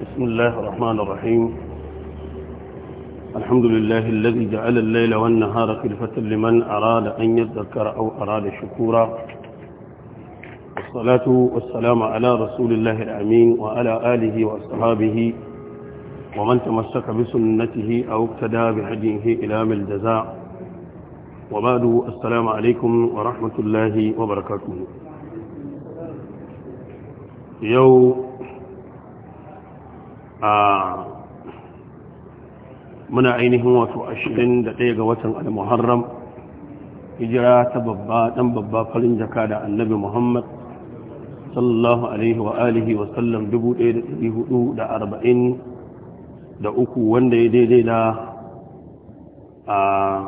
بسم الله الرحمن الرحيم الحمد لله الذي جعل الليل والنهار خلفة لمن أراد أن يذكر أو أراد شكورا والصلاة والسلام على رسول الله الأمين وعلى آله وأصحابه ومن تمسك بسنته أو اقتدى بهديه إلى الجزاء وبعد السلام عليكم ورحمة الله وبركاته يوم muna ainihin wato 21 ga watan al-muharram hijira ta babba dan babba farin jaka da annabi muhammad sallallahu alaihi wa alihi wa sallam ɗaya da uku wanda ya daidai da a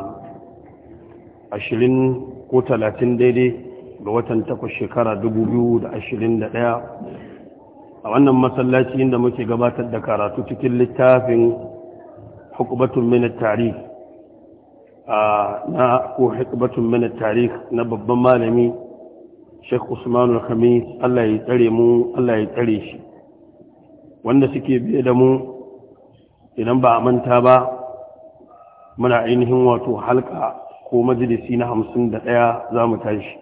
20 ko 30 daidai ga watan takwas shekara 2021 a wannan masallaci inda muke gabatar da karatu cikin littafin hukubatun minat tarih na ko hukubatun tarih na babban malami Sheikh Usman Al-Khamis Allah ya tsare mu Allah ya tsare shi wanda suke biye da mu idan ba a manta ba muna ainihin wato halka ko majalisi na 51 za mu tashi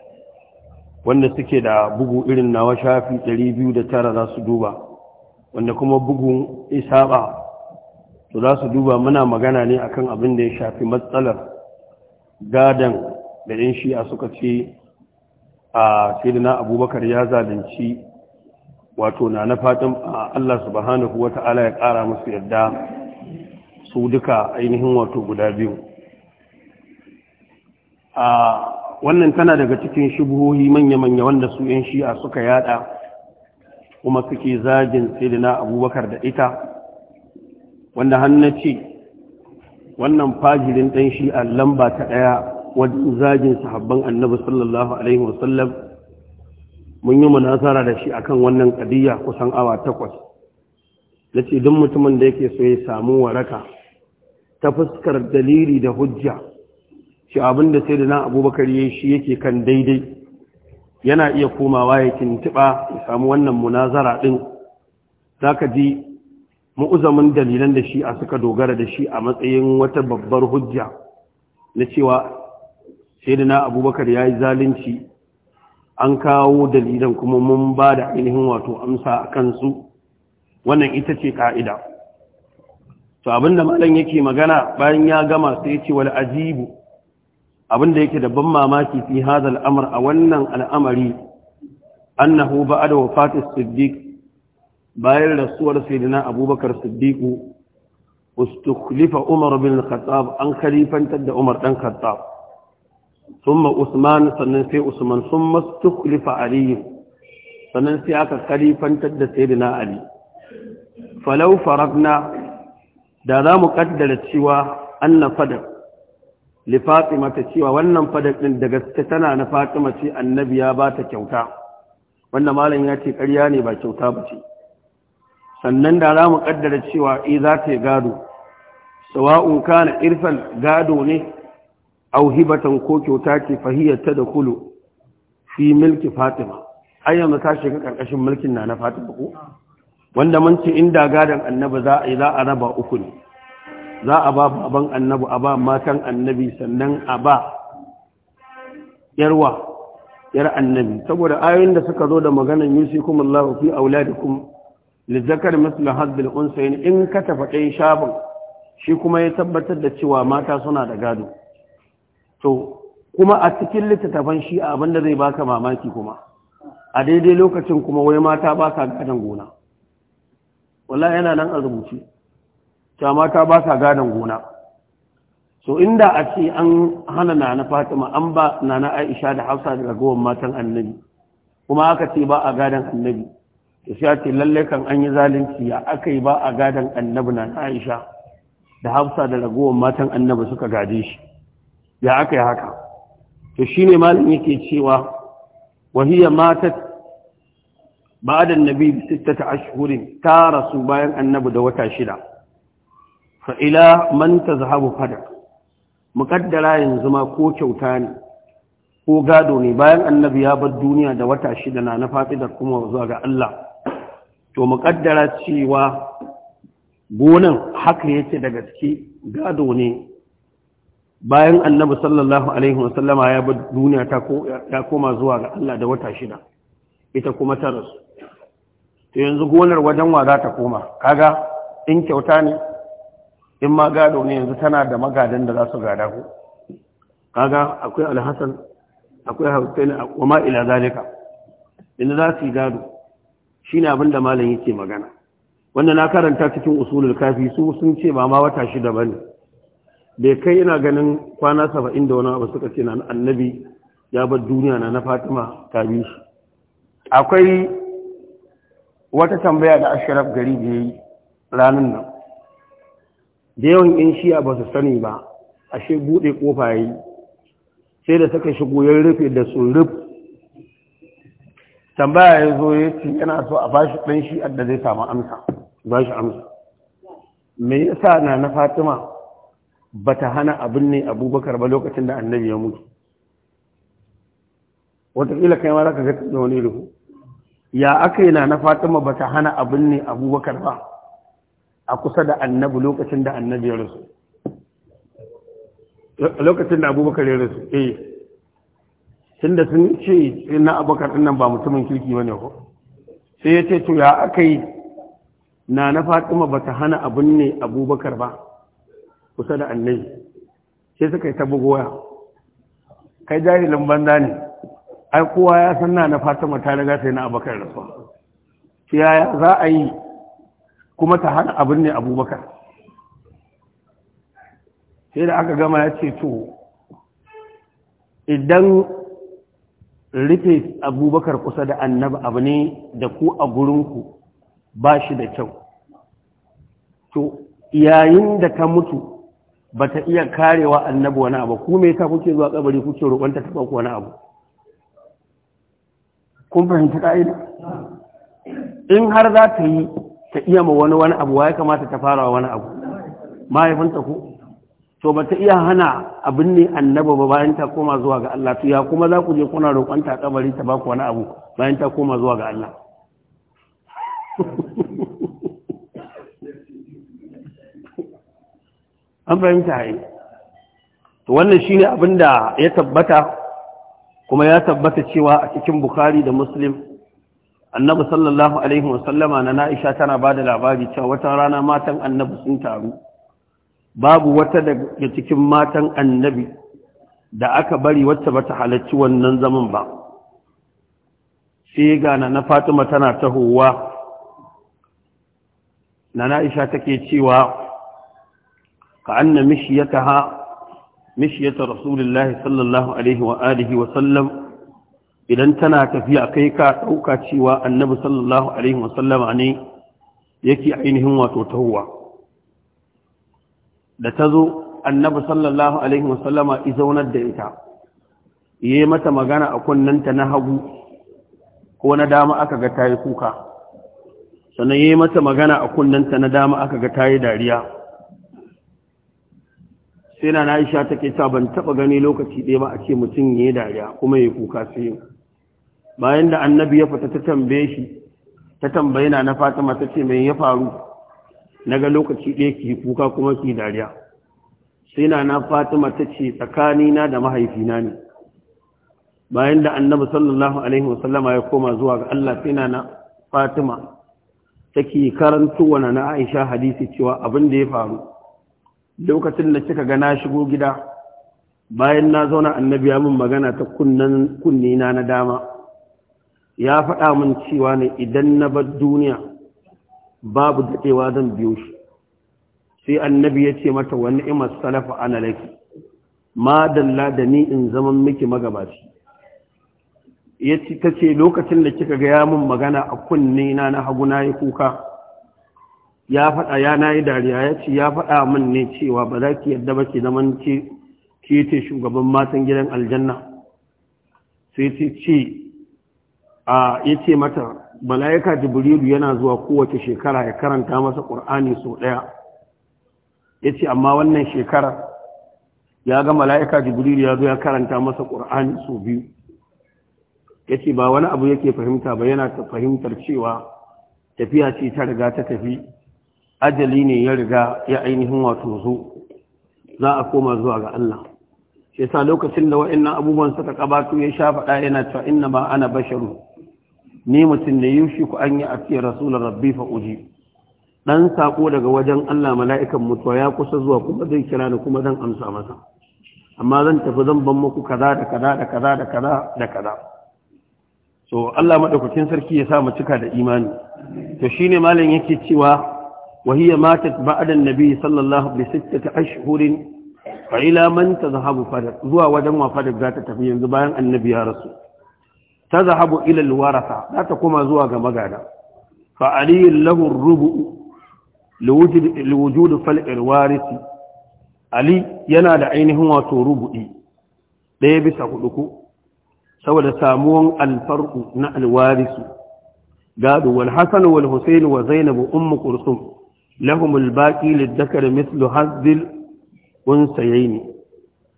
wanda suke da bugu irin nawa shafi 209 za su duba wanda kuma bugun isaba to za su duba muna magana ne akan abin da ya shafi matsalar gadan da yan shi'a suka ce a sayyidina abubakar ya zalunci wato na na fatan Allah subhanahu wata'ala ya kara musu yadda su duka ainihin wato guda biyu wannan tana daga cikin shubuhohi manya-manya wanda su yan shi'a suka yada kuma suke zagin na abubakar da ita wanda ce wannan fajirin ɗan shi'a lamba ta ɗaya wajen zagin sahabban annabi sallallahu alaihi wasallam mun yi munazara da shi akan wannan ƙadiyya kusan awa takwas na ce duk mutumin da yake so ya samu waraka ta fuskar dalili da hujja shi abinda sai da na abubakar ya shi yake kan daidai yana iya komawa ya tintiba ya samu wannan munazara ɗin za ka ji mu'uzamin dalilan da shi a suka dogara da shi a matsayin wata babbar hujja na cewa sai da na abubakar ya yi zalunci an kawo dalilan kuma mun ba da ainihin wato amsa a kansu wannan ita ce ka'ida to abinda malam yake magana bayan ya gama sai ya ce wal ajibu abin da yake da ban mamaki fi hadha al'amr a wannan al'amari an annahu ba'da wafati siddiq bayan rasuwar sayyidina abubakar siddiq ustukhlifa umar bin al-khattab an khalifantar da umar dan khattab thumma usman sannan sai usman thumma ustukhlifa Aliyu, sannan sai aka khalifantar da sayyidina ali falau faragna da za mu kaddara cewa an na fadar li fatima ta cewa wannan fadar din da gaske tana na fatima ce annabi ya ba ta kyauta wannan malam ya ce ƙarya ne ba kyauta ba ce sannan da za mu kaddara cewa e za ta yi gado sawa'un kana irfan gado ne au hibatan ko kyauta ce fahiyata da kulu fi milki fatima ayyana ta shiga karkashin mulkin na na fatima ko wanda mun ce inda gadon annaba za a yi za a raba uku ne za a ba baban annabi a ba matan annabi sannan a ba yarwa yar annabi saboda ayoyin da suka zo da maganan yusikum Allahu fi auladikum lizakar mislu haddil unsayin in ka tafaɗe shafin shi kuma ya tabbatar da cewa mata suna da gado to kuma a cikin littattafan shi abin da zai baka mamaki kuma a daidai lokacin kuma wai mata ba gadon gona wallahi yana nan a rubuce ta mata ba sa gadon gona so inda a ce an hana na na fatima an ba na na aisha da hafsa daga gowan matan annabi kuma aka ce ba a gadon annabi da shi ce lallai kan an yi zalunci ya aka yi ba a gadon annabi na aisha da hafsa da ragowar matan annabi suka gaje shi ya aka yi haka to shine malam yake cewa wahiya matat بعد النبي ta rasu bayan annabi da wata shida. Fa'ila ila man tazhabu fada mukaddara yanzu ma ko kyauta ne ko gado ne bayan annabi ya bar duniya da wata shida na na kuma zuwa ga Allah to muƙaddara cewa gonan haka yake da gaske gado ne bayan annabi sallallahu alaihi wasallama ya bar duniya ta koma zuwa ga Allah da wata shida ita kuma ta rasu to yanzu gonar wajen wa za ta koma kaga in kyauta ne in ma gado ne yanzu tana da magadan da za su gada ku kaga akwai alhassan akwai hausaini wa ma ila zalika inda za su yi gado shine abin da malam yake magana wanda na karanta cikin usulul kafi su sun ce ba ma wata shida bane bai kai ina ganin kwana saba'in da wani abu suka ce na annabi ya bar duniya na na fatima ta bi shi akwai wata tambaya da ashraf gari da yi ranar nan da yawan yan shiya ba su sani ba ashe buɗe ƙofa yi sai da suka shigo ya rufe da su tambaya ya zo ya ce yana so a bashi ɗan shi da zai samu amsa ba shi amsa me yasa na na fatima ba ta hana abin ne abubakar ba lokacin da annabi ya mutu wataƙila kai ma za ka ga wani ruhu ya aka yi na na fatima ba ta hana abin ne abubakar ba a kusa da annabi lokacin da annabi ya rasu lokacin da abubakar ya rasu eh tun da sun ce na abubakar ɗin ba mutumin kirki ba ne ko sai ya ce to ya aka yi na na fatima ba ta hana abin ne abubakar ba kusa da annabi sai suka yi ta bugoya kai jahilin banza ne ai kowa ya san na na fatima ta riga sai na abubakar rasuwa yaya za a yi kuma ta hana abin ne abubakar sai da aka gama ya ce to idan rufe abubakar kusa da annaba abu ne da ku a gurinku ba shi da kyau to yayin da ta mutu ba ta iya karewa annaba wani abu ku me ta kuke zuwa kabari kuke roƙonta ta ku wani abu kun fahimci ka'ida in har za ta yi ta iya ma wani wani abu ya kamata ta fara wani abu mahaifinta ku? to ba ta iya hana abin ne annaba ba bayan ta koma zuwa ga Allah to ya kuma za ku je kuna roƙon ta kabari ta baku wani abu bayan ta koma zuwa ga Allah an fahimta yi to wannan shine abin da ya tabbata kuma ya tabbata cewa a cikin Bukhari da Muslim annabi sallallahu alaihi wasallama na na'isha tana ba da labari cewa wata rana matan annabi sun taru babu wata daga cikin matan annabi da aka bari wacce bata halarci wannan zaman ba sai gana na fatima tana tahowa na na'isha take cewa ka anna mishiyataha mishiyata rasulullahi sallallahu alaihi wa alihi wa sallam idan tana tafiya kai ka ɗauka cewa annabi sallallahu alaihi wasallama ne yake ainihin wato tahowa da ta zo annabi sallallahu alaihi wasallama zaunar da ita yi mata magana a kunnanta na hagu ko na dama aka ga tayi kuka sannan yi mata magana a kunnanta na dama aka ga tayi dariya sai na Aisha take ta ban taba gani lokaci ɗaya ba a ce mutum yayi dariya kuma yayi kuka sai bayan da annabi ya fita ta tambaye shi ta tambaye na na fatima ta ce mai ya faru na ga lokaci ɗaya ki kuka kuma ki dariya sai na na fatima ta ce tsakanina da mahaifina ne bayan da annabi sallallahu alaihi wasallama ya koma zuwa ga Allah sai na na fatima take karanto wa na aisha hadisi cewa abin da ya faru lokacin da kika ga na shigo gida bayan na zauna annabi ya min magana ta kunnen kunnina na dama ya faɗa min cewa ne idan na bar duniya babu daɗewa zan biyo shi sai annabi ya ce mata wani imar salafa ana laki ma dalla da ni in zaman miki magabaci ya ce ta ce lokacin da kika gaya min magana a kunne na na hagu na yi kuka ya faɗa ya na yi dariya ya ce ya faɗa min ne cewa ba za ki yadda ba ki zaman ke shugaban matan gidan aljanna sai ce ce a ya ce mata mala'ika jibrilu yana zuwa kowace shekara ya karanta masa ƙur'ani sau ɗaya ya amma wannan shekara ya ga mala'ika jibrilu ya zo ya karanta masa ƙur'ani sau biyu ya ba wani abu yake fahimta ba yana ta fahimtar cewa tafiya ce ta riga ta tafi ajali ne ya riga ya ainihin wato zo za a koma zuwa ga Allah shi yasa lokacin da wa'annan abubuwan suka kabato ya sha faɗa yana cewa inna ma ana basharu ni mutum yi yushi ku an yi afiya rasulun rabbi fa uji dan sako daga wajen Allah mala'ikan mutuwa ya kusa zuwa kuma zai kira ni kuma zan amsa masa amma zan tafi zan ban muku kaza da kaza da kaza da kaza da kaza so Allah madaukakin sarki ya sa mu cika da imani to shine malam yake cewa وهي ماتت بعد النبي صلى الله عليه وسلم بستة أشهر فإلى من تذهب فرق ذو ودم وفرق tafi yanzu bayan Annabi ya rasu. ta zahabu ilal warasa za ta kuma zuwa ga magada fa aliyin lahun rubu liwujudu fal'ir warisi ali yana da ainihin wato rubu'i ɗaya bisa hudu ku saboda samuwan alfarku na alwarisu gado wal hasan wal husain wa zainabu ummu kursum lahum al baqi lid dakar mithlu hazzil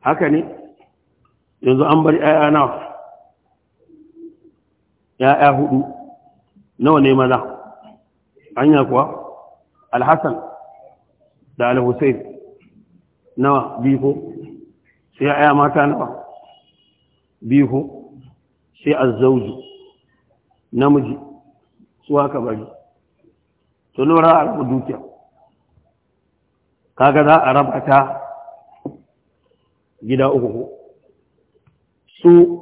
haka ne yanzu an bar ayana ya'ya hudu nawa ne maza anya kuwa alhassan da alhussein nawa biyu sai ya'ya mata nawa biyu sai azzauji namiji su haka bari to lura a rabu dukiya kaga za a rabata gida uku su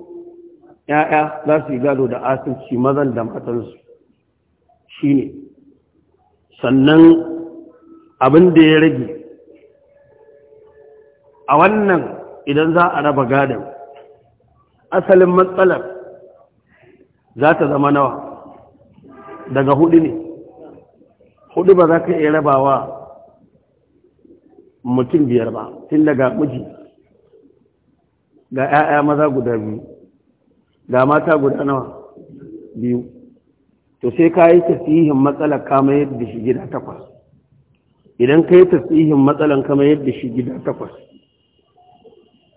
‘ya'ya za su yi gado da asirci mazan da matansu shi ne sannan abin da ya rage a wannan idan za a raba gadon asalin matsalar za ta zama nawa daga hudu ne hudu ba za ka iya rabawa mutum biyar ba tun daga miji ga ‘ya'ya maza guda biyu da mata guda nawa biyu to sai ka yi tasihin matsalar kama yadda shi gida takwas idan ka yi tasihin matsalar kama yadda shi gida takwas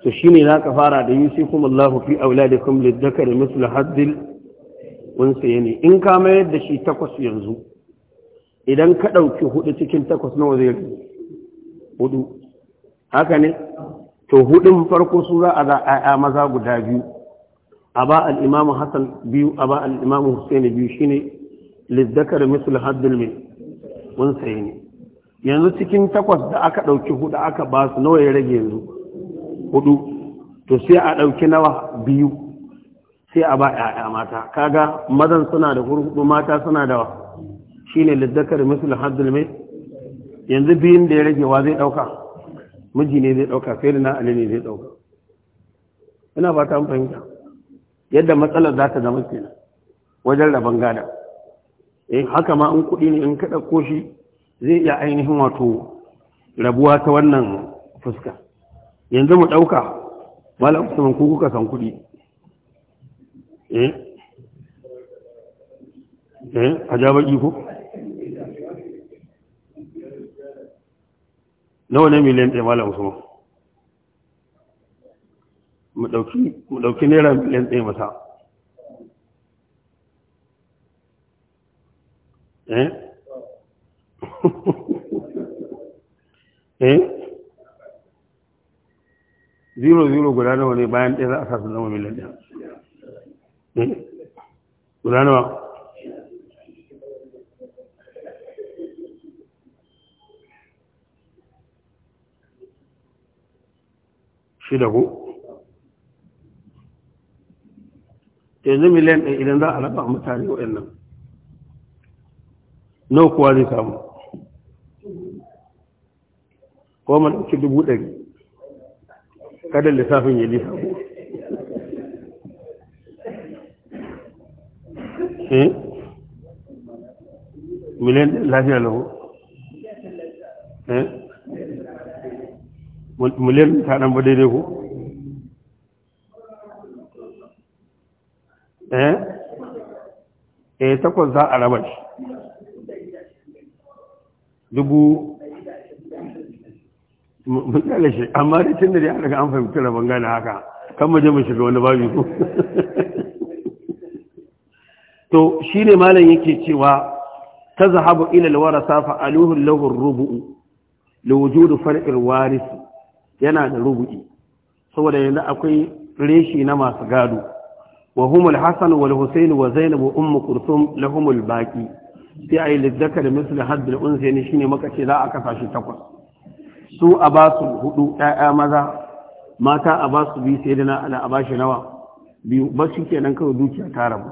to shi ne za ka fara da yi sai kuma Allah fi aula da kuma lidakar mislu haddil wani saye ne in kama yadda shi takwas yanzu idan ka ɗauki hudu cikin takwas nawa zai rage hudu haka ne to hudun farko su za a maza guda biyu A ba imam Hassan biyu a ba imam husaini biyu shine lizzakar misul haddul min unsayin yanzu cikin takwas da aka dauki hudu aka ba su nawa ya rage yanzu hudu to sai a ɗauki nawa biyu sai a ba ƴaƴa mata kaga mazan suna da hudu mata suna da Shi ne lizzakar misul haddul mai? yanzu biyun da ya rage wa zai ɗauka? miji ne zai ɗauka? sai da na ali ne zai ɗauka? ina ba ta fahimta yadda matsalar za ta zama kenan wajen rabon gada eh haka ma in kuɗi ne in kaɗa koshi zai iya ainihin wato rabuwa ta wannan fuska yanzu mu ɗauka malam usman ku kuka san kuɗi eh eh a ja baki ko nawa ne miliyan ɗaya malam usman mu ɗauki naira miliyan ɗaya mata eh eh zero zero guda nawa ne bayan ɗaya za a sasa zama miliyan ɗaya eh? guda nawa shida ko yanzu miliyan ɗin idan za a raba mutane nan nau kuwa zai samu ko ma ɗauki dubu ɗari kada lissafin ya ko eh? miliyan lafiya lahu eh? miliyan ta ɗan ba daidai ko eh takwas za a raba shi dubu mutsala shi amma da tun da ya daga an fahimci rabon gane haka kan mu mu shiga wani babi ko to shi ne malam yake cewa ta zahabu ilal تذهب إلى الورثة فألوه له الربع لوجود فرق الوارث yana da rubu'i saboda yanzu akwai reshi na masu gado wa Hassan, hasan wal husain wa zainab wa ummu kulthum lahumul baqi sai ai lizzakar misl hadd al unsayn shine maka ce kasa takwas su a ba su hudu ƴaƴa maza mata a ba su biyu sai da na a ba shi nawa biyu ba ke nan kawai dukiya ta rabu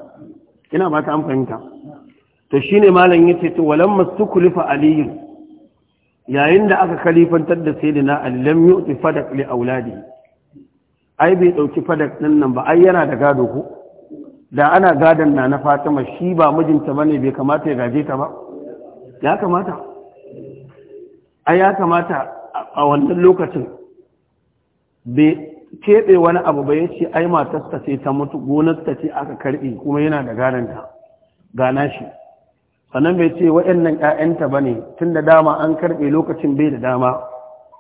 ina ba ta an fahimta to ne malam yace to walam kulifa aliyu yayin da aka kalifantar da sayyidina ali lam yu'ti fadaq li auladi ai bai ɗauki fadak ɗin nan ba ai yana da gado ko da ana gadon na na fatima shi ba mijinta ba bai kamata ya gaje ta ba ya kamata ai ya kamata a wannan lokacin bai keɓe wani abu ba yace ce ai ta sai ta mutu ta ce aka karbi kuma yana da gadonta gana shi sannan bai ce waɗannan ‘ya'yanta bane tunda dama an karɓe lokacin bai da dama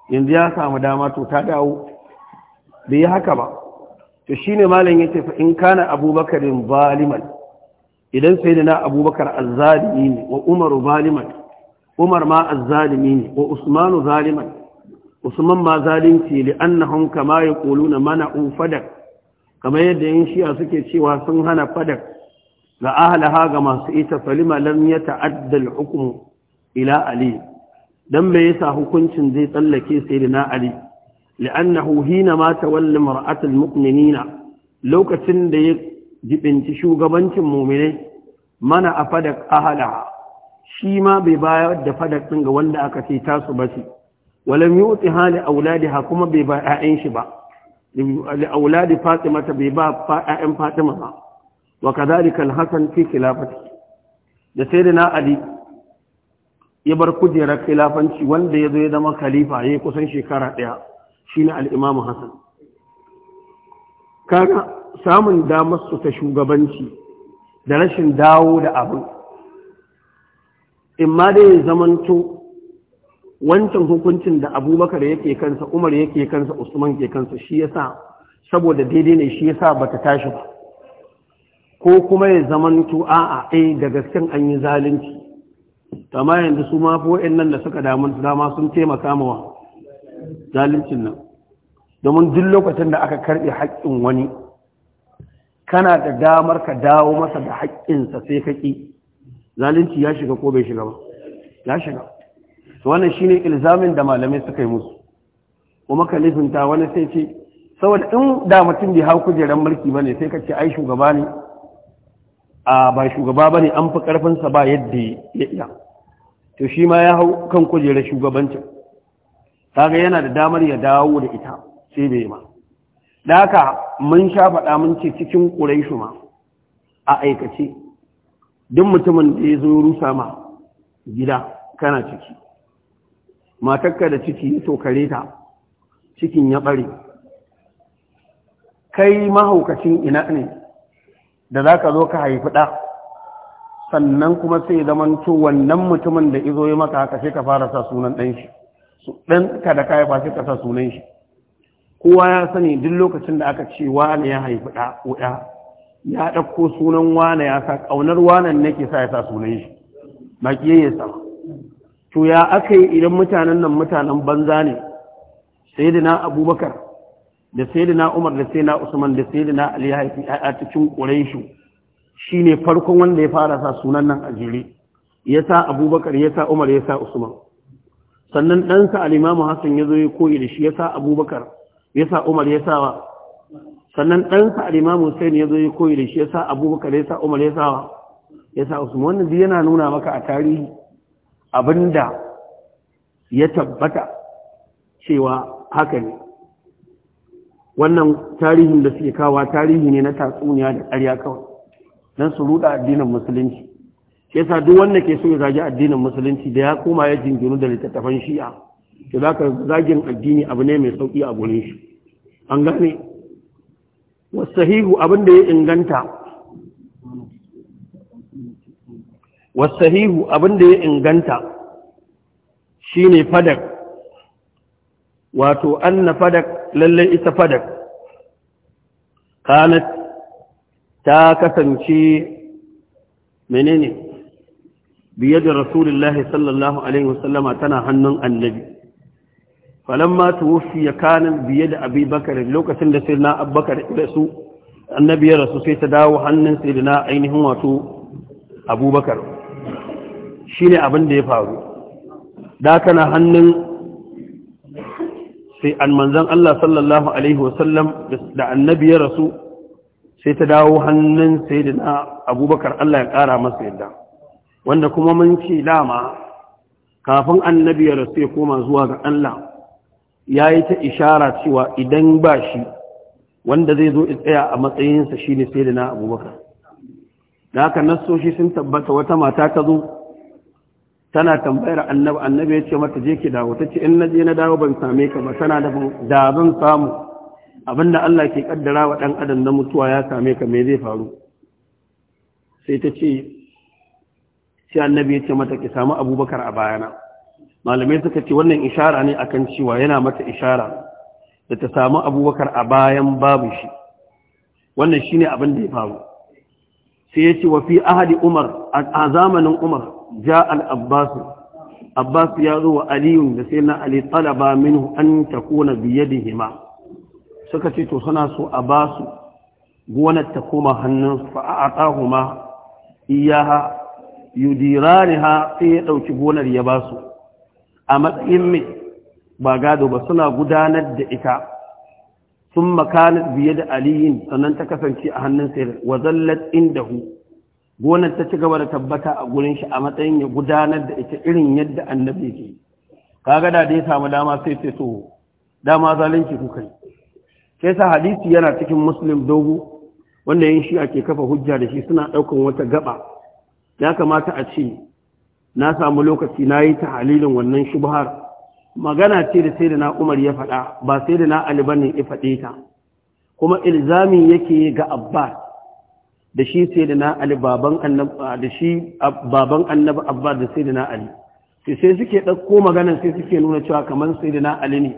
yanzu ya samu dama to ta dawo bai yi haka ba to shi ne malam ya fa in kana abubakarin zaliman idan na abubakar azzalimi ne wa umaru zaliman umar ma azzalimi ne wa usmanu zaliman usman ma zalimci li annahum kama mana un fadak kamar yadda yin shi'a suke cewa sun hana fadak ga ahlaha ga masu ita falima lam ya ta'addal hukumu ila ali dan me yasa hukuncin zai tsallake sai da na ali لأنه حينما تولى مرأة المؤمنين لو كتن دي جبنت شوغبنت المؤمنين من أفدك أهلها شيما بباية دفدك من ولا أكتي تاسو بسي ولم يؤتها لأولادها كما بباية أعين شبا لأولاد فاطمة بباية أعين فاطمة وكذلك الحسن في خلافته da sayyidina ali ya bar kujerar khilafanci wanda ya zo ya zama khalifa ya kusan shekara ɗaya Shi ne al’imamu Hassan kaga samun damar su ta shugabanci da rashin dawo da abin in ma dai zamanto wancan hukuncin da abubakar yake kansa umar yake kansa usman ke kansa shi ya sa, saboda daidai ne shi ya yasa bata tashi ba ko kuma ya zamanto a'a ɗai eh, da gasken an yi zalunci ma yanzu su ma nan da suka damu dama sun taimaka mawa zalincin nan domin duk lokacin da aka karɓe haƙƙin wani kana da damar ka dawo masa da haƙƙinsa sai ka zalunci ya shiga ko bai shiga ba ya shiga wannan shine ilzamin da malamai suka yi musu kuma ka lifinta wani sai ce saboda in da mutum bai hau kujeran mulki bane sai ka ce ai shugaba ne a ba shugaba bane an fi ƙarfinsa ba yadda ya iya to shi ma ya hau kan kujerar shugabancin kaga yana da damar ya dawo da ita sai bai ma daka haka mun sha faɗa mun ce cikin ƙuraishu ma a aikace duk mutumin da ya zo rusa ma gida kana ciki matakka da ciki ya tokare ta cikin ya ɓare kai mahaukacin ina ne da za ka zo ka haifi ɗa sannan kuma sai zamanto wannan mutumin da izo ya maka haka sai ka fara sa sunan shi. dan ka da kai sai ka sa sunan shi kowa ya sani duk lokacin da aka ce wani ya haifi da ɗa ya ɗauko sunan wani ya sa ƙaunar wanan nake sa ya sa sunan shi ba ya sa to ya aka yi idan mutanen nan mutanen banza ne sayyidina abubakar da sayyidina umar da sayyidina usman da sayyidina ali haifi a cikin quraishu shine farkon wanda ya fara sa sunan nan a jere ya sa abubakar ya sa umar ya sa usman sannan ɗansa al'imamu hassan ya zo ya koyi da shi ya sa abubakar ya sa umar ya sa wa sannan ɗansa al'imamu hussein ya zo ya koyi da shi ya sa abubakar ya sa umar ya sa wa ya sa usman wannan zai yana nuna maka a tarihi abinda ya tabbata cewa haka ne wannan tarihin da suke kawa tarihi ne na tatsuniya da ƙarya kawai don su ruɗa addinin musulunci shi sa duk wanda ke so ya zagi addinin musulunci da ya koma ya jinginu da littattafan shi'a to za ka zagin addini abu ne mai sauki a gurin shi an gane wasahihu abin da ya inganta wasahihu abin da ya inganta shine fadak wato anna fadak lallai ita fadak kanat ta kasance menene biyar da rasulullahi sallallahu alaihi wasallama tana hannun annabi falamma tuwfi ya kanin biyar da abubakar lokacin da sai na abubakar da annabi ya rasu sai ta dawo hannun sai da na ainihin wato abubakar shi ne ya faru da kana hannun sai an manzan Allah sallallahu alaihi wasallam da annabi ya rasu sai ta dawo hannun sai da na abubakar Allah ya ƙara masa yadda wanda kuma mun ce dama kafin annabi ya rasu ya koma zuwa ga Allah ya yi ta ishara cewa idan ba shi wanda zai zo tsaya a matsayinsa shi ne sai da na abubakar da haka nassoshi sun tabbata wata mata ta zo tana tambayar annabi annabi ya ce mata je ki dawo ta ce in na je na dawo ban same ka ba tana da da zan samu abinda Allah ke kaddara wa dan adam na mutuwa ya same ka me zai faru sai ta ce sai annabi ya ce mata ki samu abubakar a bayana malamai suka ce wannan ishara ne akan cewa yana mata ishara da ta samu abubakar a bayan babu shi wannan shine abin da ya faru sai ya ce wa fi ahadi umar a zamanin umar ja al-abbas abbas ya zo wa aliyu da sai na ali talaba minhu an takuna hima. suka ce to suna so a basu gonar ta koma hannun fa ma iyaha ha sai ya ɗauki gonar ya ba su a matsayin mai ba gado ba suna gudanar da ita sun makanar biye da aliyin sannan ta kasance a hannun sayar wa zallat hu gonar ta ci gaba da tabbata a gurin shi a matsayin ya gudanar da ita irin yadda annabi ke kaga da ya samu dama sai sai so dama zalunci kuka yi sai sa hadisi yana cikin muslim dogo wanda yin shi ake kafa hujja da shi suna ɗaukan wata gaba ya kamata a ce na samu lokaci na yi ta halilin wannan shubhar magana ce da sai da na umar ya faɗa ba sai da na alibani ya faɗe ta kuma ilzami yake ga abbas da shi sai da na ali baban annabi da shi baban annaba abbas da sai da na ali sai sai suke ɗauko maganan sai suke nuna cewa kamar sai da na ali ne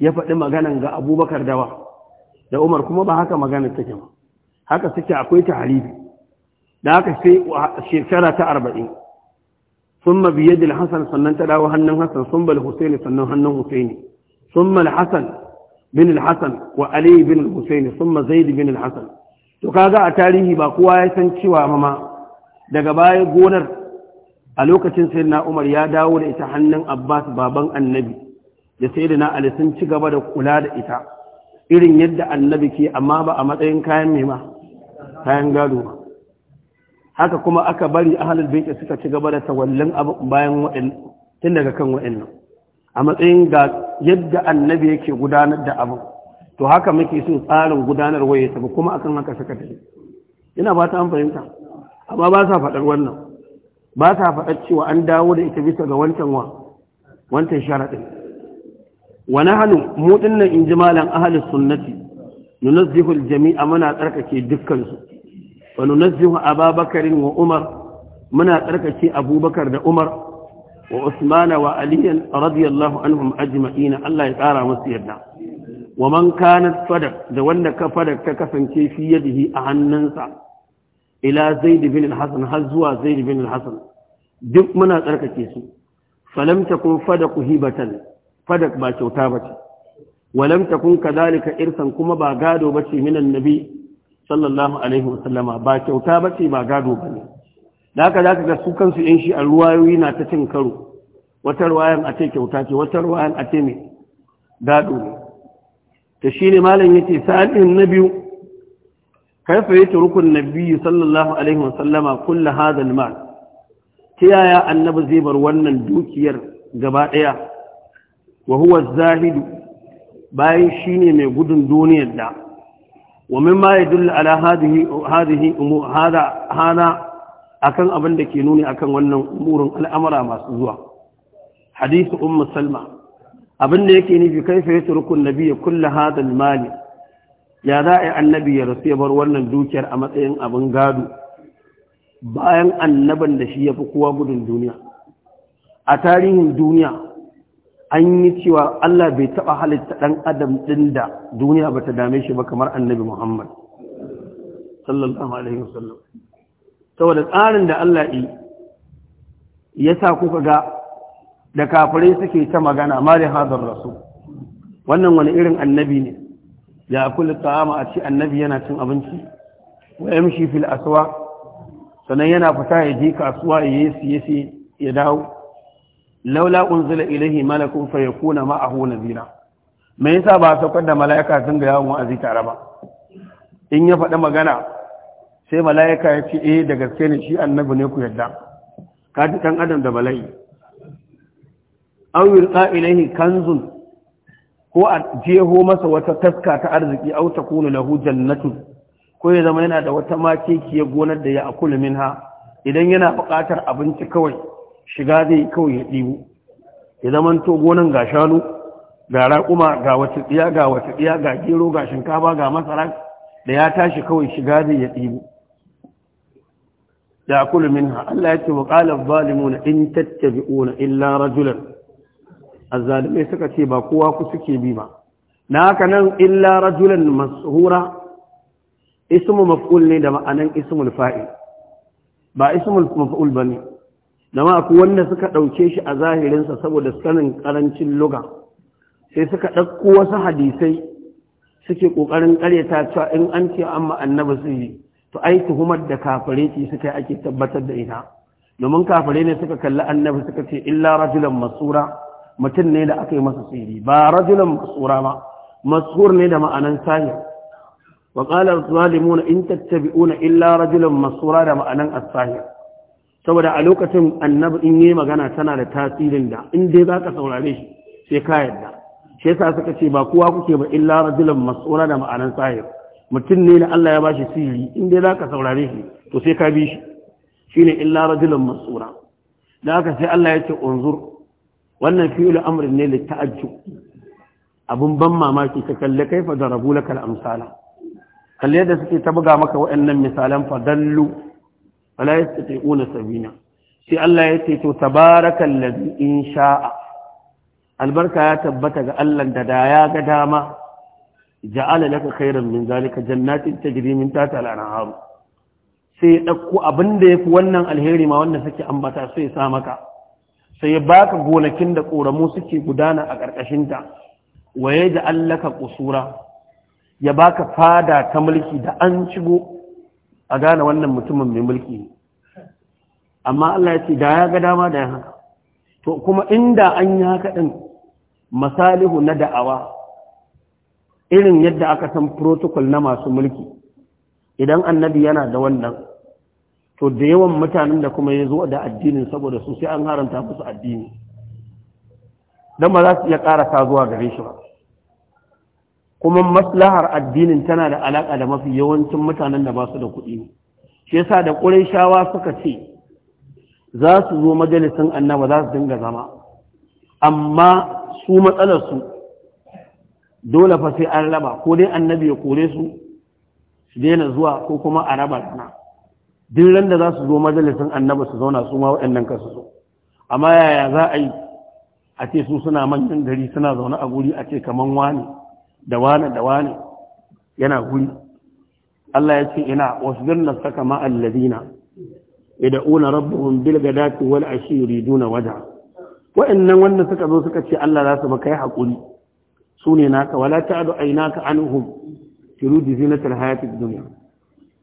ya faɗi maganan ga abubakar dawa da umar kuma ba haka maganar take ba haka suke akwai ta halibi da haka sai shekara ta arba'in sun biye da hassan sannan ta dawo hannun hassan sun bal husaini sannan hannun husaini sun ma hassan bin hassan wa Aliyu bin husaini sun ma zaid bin hassan to kaga a tarihi ba kowa ya san cewa mama daga baya gonar a lokacin sai na umar ya dawo da ita hannun abbas baban annabi da sai da na ali sun ci gaba da kula da ita irin yadda annabi ke amma ba a matsayin kayan mema kayan gado ba haka kuma aka bari ahalul baiti suka ci gaba da tawallin bayan wa'in tun daga kan wa'in a matsayin ga yadda annabi yake gudanar da abu to haka muke so tsarin gudanar waye tafi kuma akan haka suka tafi ina ba ta an fahimta amma ba sa faɗar wannan ba sa faɗar cewa an dawo da ita bisa ga wancan wa wancan sharaɗin wani hannu mu ɗinnan in ji malam ahalus sunnati nunazzihul jami'a muna tsarkake dukkansu wa nunazzihu ababakarin wa umar muna tsarkake abubakar da umar wa usmana wa aliyan radiyallahu anhum ajma'ina Allah ya tsara musu yadda wa man kana fadak da wanda ka fadak ta kasance fi yadihi a hannunsa ila zaid bin al-hasan har zuwa zaid bin al-hasan duk muna tsarkake su falam takun fadaku hibatan fadak ba kyauta bace walam takun kadalika irsan kuma ba gado bace minan nabi sallallahu alaihi wasallama ba kyauta ba ce ba gado ba ne da haka za ka ga su kansu yan shi a ruwayoyi na ta cin karo wata ruwayan a ce kyauta ce wata ruwayan a ce mai gado ne ta shi ne malam ya ce sa'adin na biyu kaifa ya rukun na biyu sallallahu alaihi wasallama kulla hadal ma. ta yaya annabi zai bar wannan dukiyar gaba ɗaya wa huwa zahidu bayan shi ne mai gudun duniyar da ومما يدل على هذه هذه امور هذا هذا akan abin da ke nuni akan wannan umurin al'amara masu zuwa hadisu ummu salma abin da yake nufi kaifa ya turkun nabi kullu hadal mali ya za a yi annabi ya rasu ya bar wannan dukiyar a matsayin abin gado bayan annaban da shi ya fi kowa gudun duniya a tarihin duniya an yi cewa Allah bai taɓa halitta ɗan adam ɗin da duniya ba ta dame shi ba kamar annabi Muhammad sallallahu alaihi wasallam saboda tsarin da Allah yi ya sa kuka ga da kafirai suke ta magana mali hazar rasu. wannan wani irin annabi ne ya kula ta'ama a ce annabi yana cin abinci wa yamshi fil aswa sannan yana fita ya je kasuwa ya yi siye ya dawo laula unzila ilaihi malakun fa yakuna ma'ahu nadira me yasa ba saukar da mala'ika sun ga yawon wa'azi tare ba in ya faɗi magana sai mala'ika ya ce eh da gaske ne shi annabi ne ku yadda ka ji kan adam da bala'i aw yulqa ilaihi kanzun ko a jeho masa wata taska ta arziki aw takunu lahu jannatu ko ya zama yana da wata ya gonar da ya akulu minha idan yana buƙatar abinci kawai shiga zai kawai ya ɗiwu ya zaman to gonan ga shanu ga raƙuma ga wata tsiya ga wata tsiya ga gero ga shinkafa ga masara da ya tashi kawai shiga zai ya ɗiwu ya min ha Allah ya ce wa zalimu na in tattabi tattabi'una illa rajulan azzalimai suka ce ba kowa ku suke bi ba na haka nan illa rajulan mashura ismu maf'ul ne da ma'anan ismul fa'il ba ismul maf'ul bane dama ku wanda suka ɗauke shi a zahirinsa saboda sanin ƙarancin luga sai suka ɗauko wasu hadisai suke ƙoƙarin ƙaryata cewa in an ce amma annabi su yi to ai tuhumar da kafare ce suka yi ake tabbatar da ita domin kafare ne suka kalli annabi suka ce illa rajulan masura mutum ne da aka yi masa sihiri ba rajulan masura ba masur ne da ma'anan sahir wa qala az-zalimuna in tattabi'una illa rajulan masura da ma'anan as-sahir saboda a lokacin annabi in yi magana tana da tasirin da in dai za ka saurare shi sai ka yadda shi yasa suka ce ba kowa kuke ba illa rajulan mas'ula da ma'anan sahib mutum ne da Allah ya shi sirri in dai za ka saurare shi to sai ka bi shi shine illa rajulan mas'ula da aka sai Allah ya ce unzur wannan fi'il amrin ne litta'ajjub abun ban mamaki ka kalle kaifa darabu lakal amsala kalle da suke ta buga maka waɗannan misalan fadallu wala yastati'una sabina sai Allah ya ce to tabarakal ladhi in sha'a albarka ya tabbata ga Allah da da ya ga dama ja'ala laka khairan min zalika jannatin tajri min tahtiha al-anhar sai ya dauko abin da yafi wannan alheri ma wanda suke ambata sai ya sa maka sai ya baka gonakin da koramu suke gudana a karkashin ta waye da allaka ƙusura? ya baka fada ta mulki da an cigo a gane wannan mutumin mai mulki ne amma Allah ya ce da ya ga dama da ya haka to kuma inda an yi haka ɗin masalihu na da'awa irin yadda aka san protocol na masu mulki idan annabi yana da wannan to da yawan mutanen da kuma ya zo da addinin saboda su sai an haranta musu addini don ba za su iya ta zuwa gare shi ba kuma maslahar addinin tana da alaƙa da mafi yawancin mutanen da ba su da kuɗi shi yasa da ƙurayshawa suka ce za su zo majalisin annaba za su dinga zama amma su matsalarsu dole fa sai an raba ko dai annabi ya kore su su daina zuwa ko kuma a raba rana duk ran da za su zo majalisin annaba su zauna su ma waɗannan kasu su amma yaya za a yi a ce su suna manyan gari suna zaune a guri a ce kaman wani da wani da yana guri Allah ya ce ina wasbir nafsaka ma alladhina yad'una rabbahum bil ghadati wal ashi yuriduna wajha wa'annan wanda suka zo suka ce Allah za su baka yi hakuri sune naka wala ta'du aynaka anhum turidu zinatal hayatid dunya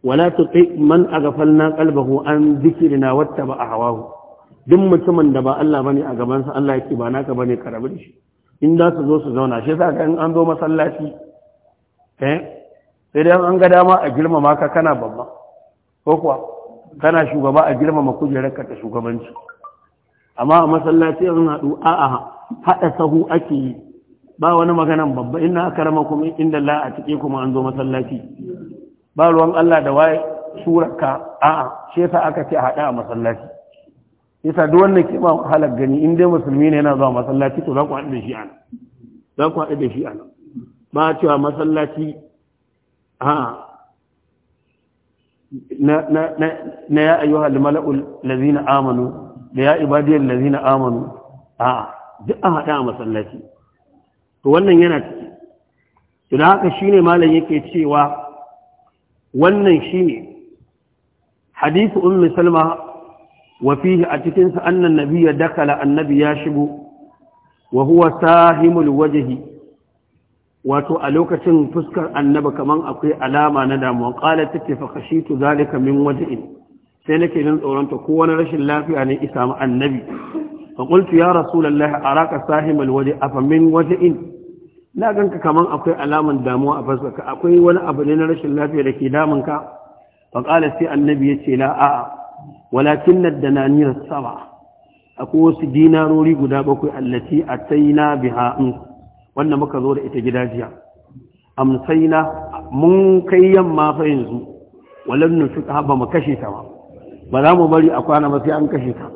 ولا تطيع من أغفلنا قلبه عن ذكرنا واتبع هواه دم متمن دبا الله بني أغبانس bane ka rabu da shi. in za su zo su zauna shi sa kan an zo masallaci eh, sai dai an ga dama a girmama ka kana babba ko kuwa kana shugaba a girmama kujerarka ta shugabanci amma a masallaci an haɗu a'a haɗa sahu ake yi ba wani maganan babba inna aka rama kuma inda la a cike kuma an zo masallaci ba ruwan Allah da waye surarka a'a shi sa aka ce haɗa a masallaci yasa duk wannan ke ba halar gani in dai musulmi ne yana zuwa masallaci to za ku haɗu da shi ana za ku haɗu da shi ana ba cewa masallaci a na ya ayyuha al-mala'ul lazina amanu da ya ibadiyar lazina amanu a duk an haɗa a masallaci to wannan yana ciki idan haka shine malam yake cewa wannan shine hadithu ummi salma wa fihi a cikin sa ya daka dakala annabi ya shigo Wahuwa huwa sahimul wajhi wato a lokacin fuskar annabi kaman akwai alama na damuwa qala tattafa khashitu zalika min wajhin sai nake jin tsoron ta ko wani rashin lafiya ne isa ma annabi fa qultu ya rasulullahi araka sahimul wajhi afa min wajhin na ganka kaman akwai alaman damuwa a fuskarka akwai wani abu ne na rashin lafiya da ke damunka ka? qala sai annabi yace la a'a walakin dananiyar saba akwai wasu dinarori guda bakwai allati ataina biha wannan muka zo da ita gida jiya amsaina mun kai yamma fa yanzu walan nufiqa ba mu kashe ta ba ba za mu bari a kwana ba sai an kashe ta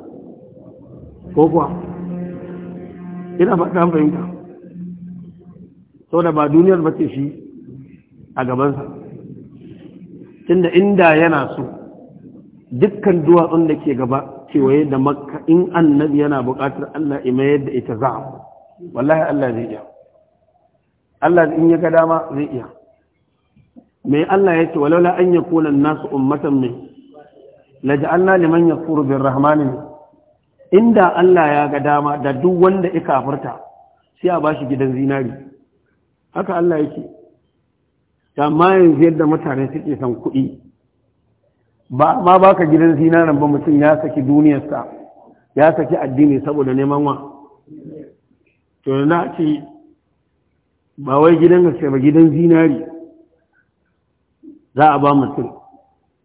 ko kuwa ina fata fahimta saboda ba duniyar ba ce shi a gabansa tunda inda yana so dukkan duwatsun da ke gaba kewaye da makka in annabi yana buƙatar Allah ya mayar da ita za'a wallahi Allah zai iya Allah in ya ga dama zai iya mai Allah ya ce walaula an yakuna nasu ummatan mai laj'alna liman bin rahmanin. inda Allah ya ga dama da duk wanda ya kafarta sai a bashi gidan zinari haka Allah yake amma yanzu yadda mutane suke son kuɗi ba ma baka gidan zinaran ba mutum ya saki duniyarsa ya saki addini saboda neman wa to na ce ba wai gidan gaske ba gidan zinari za a ba mutum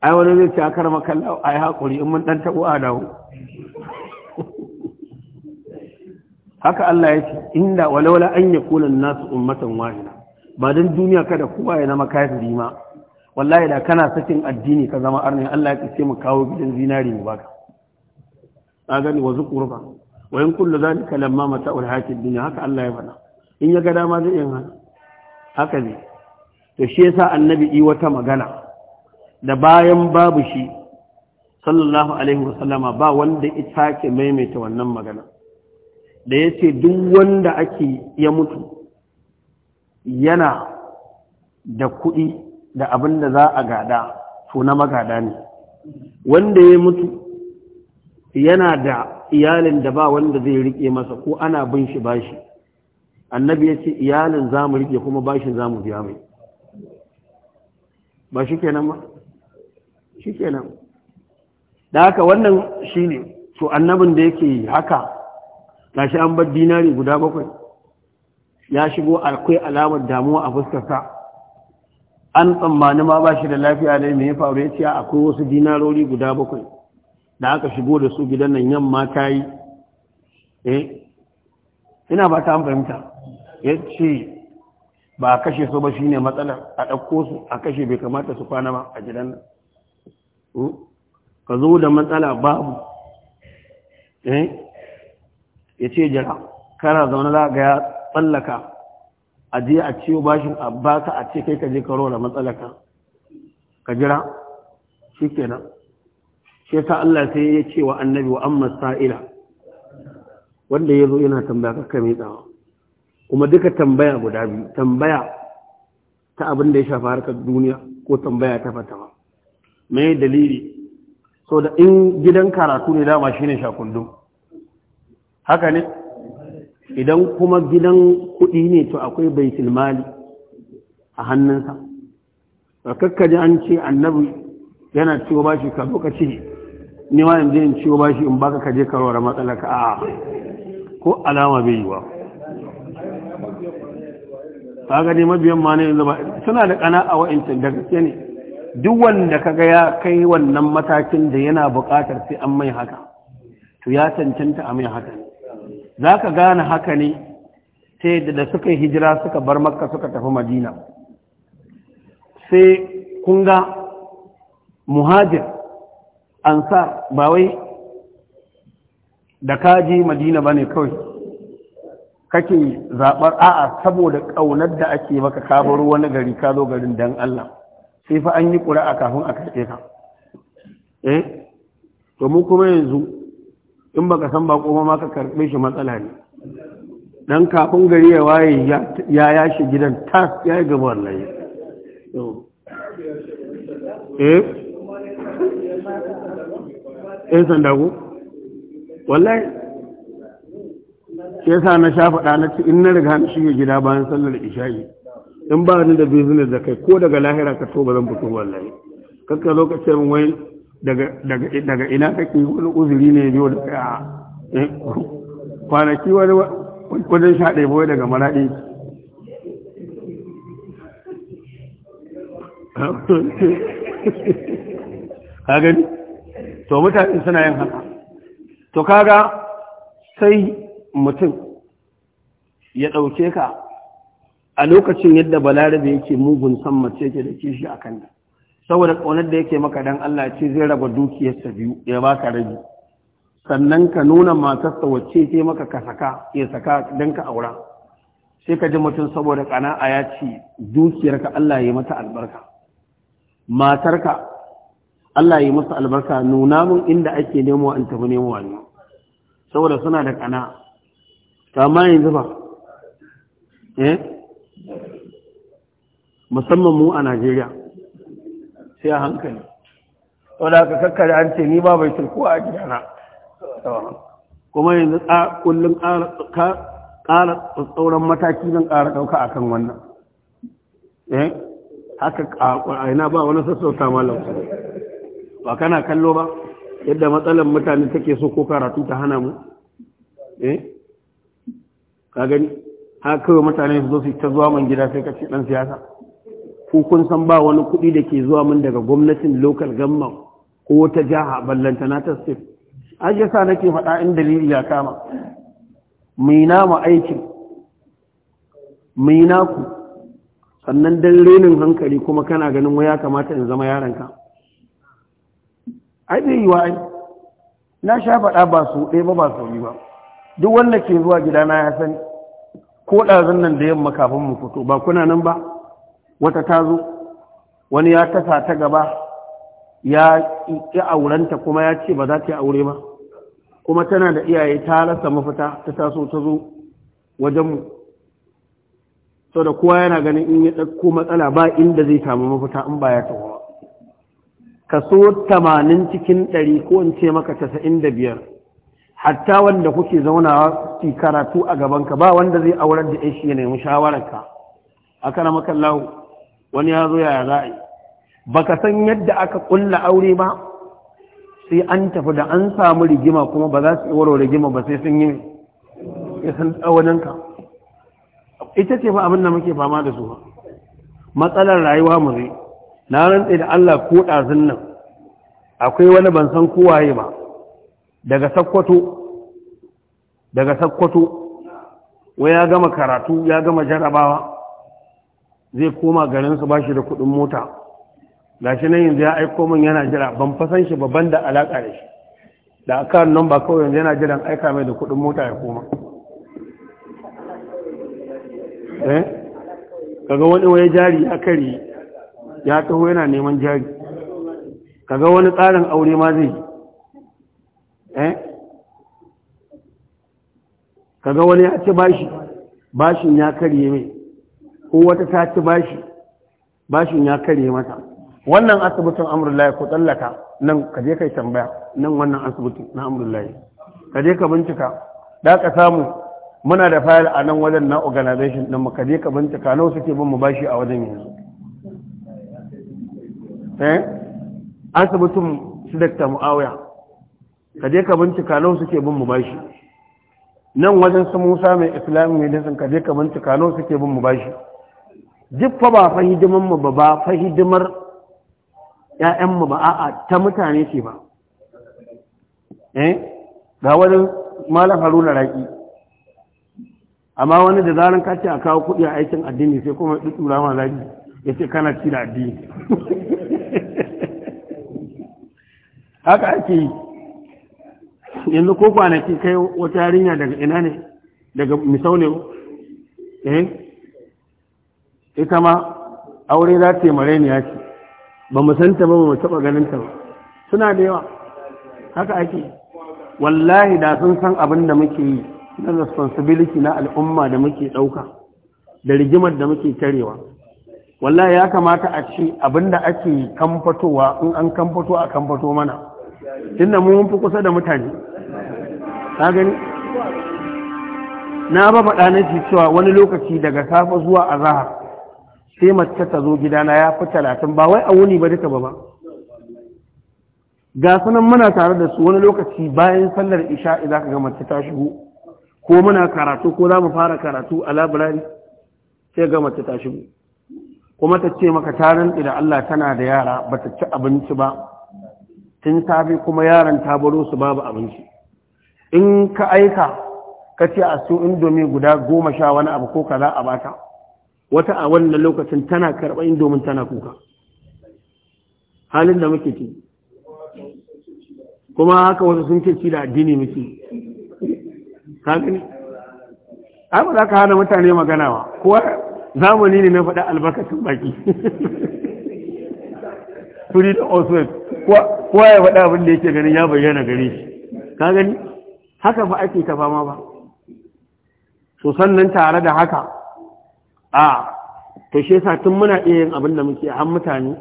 ai wani zai ce akar makalla ai hakuri in mun dan tabo a dawo haka Allah ya ce inda walawala an yakuna nasu ummatan wahida ba dan duniya kada kowa ya zama kafiri ma wallahi da kana sakin addini ka zama arnin Allah ya kace mu kawo gidan zinari mu baka na gani wa zukurba wa in kullu zalika lamma mata ul hakim din haka Allah ya bana. in ya ga dama zai yin haka haka ne to shi yasa annabi yi wata magana da bayan babu shi sallallahu alaihi wasallama ba wanda ita ke maimaita wannan magana da yace duk wanda ake ya mutu yana da kuɗi da abin da za a gada to na magada ne wanda ya mutu yana da iyalin da ba wanda zai rike masa ko ana bin shi bashi annabi ya ce iyalin za mu rike kuma bashin za mu biya mai ba shi kenan ba shi kenan da haka wannan shi ne to annabin da yake haka shi an bar dinari guda bakwai ya shigo akwai alamar damuwa a fuskarsa an tsammani ma ba shi da lafiya dai mai faru ya ce akwai wasu dinarori guda bakwai da aka shigo da su gidan nan yamma ta yi eh ina ba ta fahimta ya ce ba a kashe su ba shi ne matsalar a ɗauko su a kashe bai kamata su kwana ba a gidan nan hmm? ka zo da matsala babu eh ya ce jira kara zaune za ga ya tsallaka a je a ciwo bashin a baka a ce kai ka je karo da matsalaka ka jira shi kenan shi yasa Allah sai ya ce wa annabi wa amma sa'ila wanda ya zo yana tambaya kakka mai tsawa kuma duka tambaya guda biyu tambaya ta abin da ya shafa harkar duniya ko tambaya ta fatawa mai dalili so da in gidan karatu ne dama shine shakundu haka ne idan kuma gidan kuɗi ne to akwai baitul mali a hannunsa ba kakkaji an ce annabi yana ciwo bashi ka zo ka ce ni ma yanzu in ciwo bashi in baka kaje ka rawar matsala ka a'a ko alama bai yi wa ka ga ne mabiyan ma ne yanzu ba suna da kana a wa'ancin da gaske ne duk wanda kaga ya kai wannan matakin da yana buƙatar sai an mai haka to ya cancanta a mai haka ne za ka gane haka ne sai da suka hijira suka bar maka suka tafi madina sai kunga muhajir ansar ba wai da kaji madina ba ne kawai kake zaɓar a'a saboda ƙaunar da ake maka kabar wani gari ka zo garin don Allah sai fa an yi a kafin a karfe ka eh domin kuma yanzu in baka san ba ko ma ka karɓe shi matsala ne dan kafin gari ya waye ya yashi gidan tas ya yi gaba wallahi eh? eh sanda ku. wallahi sai sa na shafa faɗa in na riga shi shige gida bayan sallar isha'i in ba ni da business da kai ko daga lahira ka to ba zan fito wallahi kakka lokacin wai daga ina kake wani uzuri ne yau da a eh, kwanaki wani wajen sha ɗaya bai daga maraɗi ka gani to mutane suna yin haka to kaga sai mutum ya ɗauke ka a lokacin yadda balarabe yake mugun san mace ke da kishi a kanta saboda ƙaunar da yake maka dan Allah ce zai raba dukiyarsa biyu ya baka rabi sannan ka nuna matarsa wacce ce maka ka saka ya saka dan ka aura sai ka ji mutum saboda ƙana'a ya ce dukiyarka Allah ya mata albarka matarka Allah ya masa albarka nuna mun inda ake nemo an tafi nemo wani saboda suna da ta kama yanzu ba eh musamman mu a Najeriya sai a hankali wadda ka kakkari an ce ni ba bai turkuwa a gidana kuma yanzu kullum ƙara tsauran mataki don ƙara ɗauka a kan wannan eh haka aina ba wani sassauta malam ba kana kallo ba yadda matsalar mutane take so ko karatu ta hana mu eh ka gani haka kawai mutane su zo su ta zuwa man gida sai ka ce ɗan siyasa ko kun san ba wani kuɗi da ke zuwa min daga gwamnatin local gamma ko wata jiha ballanta na ta state an yi sa nake faɗa in dalili ya kama mai nama aikin na ku? sannan don renin hankali kuma kana ganin ya kamata in zama yaranka ai bai yi wa ai na sha faɗa ba su ɗaya ba ba su yi ba duk wanda ke zuwa gidana ya sani ko ɗazun nan da yamma kafin mu fito ba kuna nan ba wata ta zo wani ya tasa ta gaba ya ƙi aurenta kuma ya ce ba za ta yi aure ba kuma tana da iyaye ta rasa mafita ta taso ta zo wajenmu sau da kowa yana ganin in ya ɗauko matsala ba inda zai samu mafita in ba ya tawo kaso tamanin cikin ɗari ko in ce maka casa'in da biyar hatta wanda kuke zaunawa ki karatu a gabanka ba wanda zai aurar da ya shi ya nemi shawararka a kana makallahu wani ya zo yaya za a yi baka san yadda aka ƙulla aure ba sai an tafi da an samu rigima kuma ba za su yi waro rigima ba sai sun yi ya san ita ce ba abin da muke fama da su ba matsalar rayuwa mu zai na rantse da Allah ko ɗazin nan akwai wani ban san kowaye ba daga sakkwato daga sakkwato wai ya gama karatu ya gama jarabawa zai koma garinsu ba shi da kuɗin mota shi nan yanzu ya aiko min yana jira ban fasan shi babban da alaƙa da shi da aka nan ba kawai yanzu yana jiran aika mai da kuɗin mota ya koma eh kaga wani waye jari ya kari ya taho yana neman jari kaga wani tsarin aure ma zai eh kaga wani ya ce bashi bashin ya karye mai ko wata ta ci bashi bashin ya kare mata wannan asibitin amrullahi ko tsallaka nan ka je kai tambaya nan wannan asibitin na amrullahi ka je ka bincika da ka samu muna da fayil a nan wajen na organization din mu ka je ka bincika nawa suke bin mu bashi a wajen yanzu eh asibitin su dakta mu'awiya ka je ka bincika nawa suke bin mu bashi nan wajen su musa mai islamin mai sun ka je ka bincika nawa suke bin mu bashi duk fa ba fa hidiman mu ba ba fa hidimar ƴaƴan mu ba a'a ta mutane ce ba eh ga wani malam Haruna Raki amma wani da zaran ka a kawo kuɗi a aikin addini sai kuma duk tsura ma ya ce kana ci da addini haka ake yi yanzu ko kwanaki kai wata yarinya daga ina ne daga misau ne eh ita ma aure za ta yi mareniya ce ba mu ba mu taɓa ganin ta ba suna da yawa haka ake wallahi da sun san abin da muke yi na responsibility na al'umma da muke ɗauka da rigimar da muke karewa, wallahi ya kamata a ce abin da ake kamfatowa in an kamfato a kamfato mana tunda mun fi kusa da mutane ta gani na ba faɗa na cewa wani lokaci daga safe zuwa azahar sai mace ta zo gidana ya fi talatin ba wai a wuni ba duka ba ba ga sunan muna tare da su wani lokaci bayan sallar isha za ka ga mace ta shigo ko muna karatu ko za mu fara karatu a labirari sai ga mace ta shigo kuma ta ce maka tarin idan Allah tana da yara ba ta ci abinci ba tun safe kuma yaran ta baro su babu abinci in ka aika ka ce a su indomi guda goma sha wani abu ko kaza a bata wata a wannan lokacin tana in domin tana kuka halin da muke ci kuma haka wasu sun ce da addini muke ka gani ba za ka hana mutane magana ba kuwa zamani ne na faɗa albarkacin baki turi da oswald kuwa ya faɗa abin da yake ganin ya bayyana gare shi ka gani haka ba ake ta fama ba so sannan tare da haka a ta shi yasa tun muna iya yin abin da muke har mutane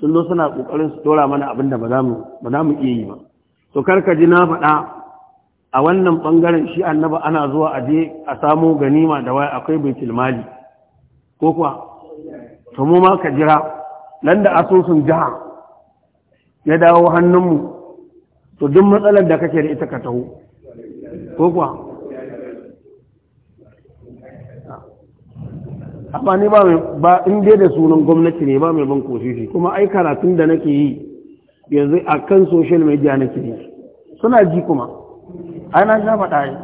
sun zo suna kokarin su tora mana abin da ba za mu iya yi ba to karka ji na faɗa a wannan bangaren shi annaba ana zuwa a je a samo ganima da waya akwai bai mali ko kuwa to mu ma ka jira nan da asusun jiha ya dawo hannunmu to duk matsalar da kake da ita ka taho ko kuwa amma ni ba mai ba in dai da sunan gwamnati ne ba mai ban koshishi kuma ai karatun da nake yi yanzu a kan social media nake yi suna ji kuma ai na sha faɗa yi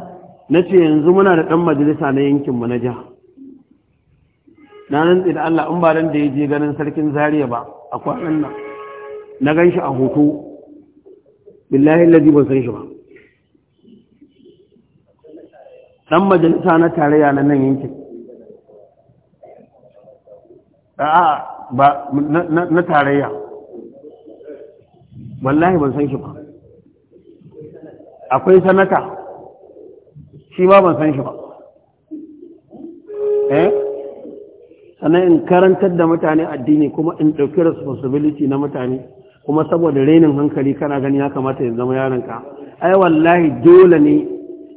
na ce yanzu muna da ɗan majalisa na yankin mu na jiha na nan da Allah in ba nan da ya je ganin sarkin Zariya ba a kwanan nan na gan shi a hoto billahi ladi ban san shi ba ɗan majalisa na tarayya na nan yankin A'a, ba na tarayya wallahi ban san shi ba akwai sanata shi ba ban san shi ba eh sannan in karantar da mutane addini kuma in ɗauki responsibility na mutane kuma saboda renin hankali kana gani ya kamata ya zama yaranka ai wallahi dole ne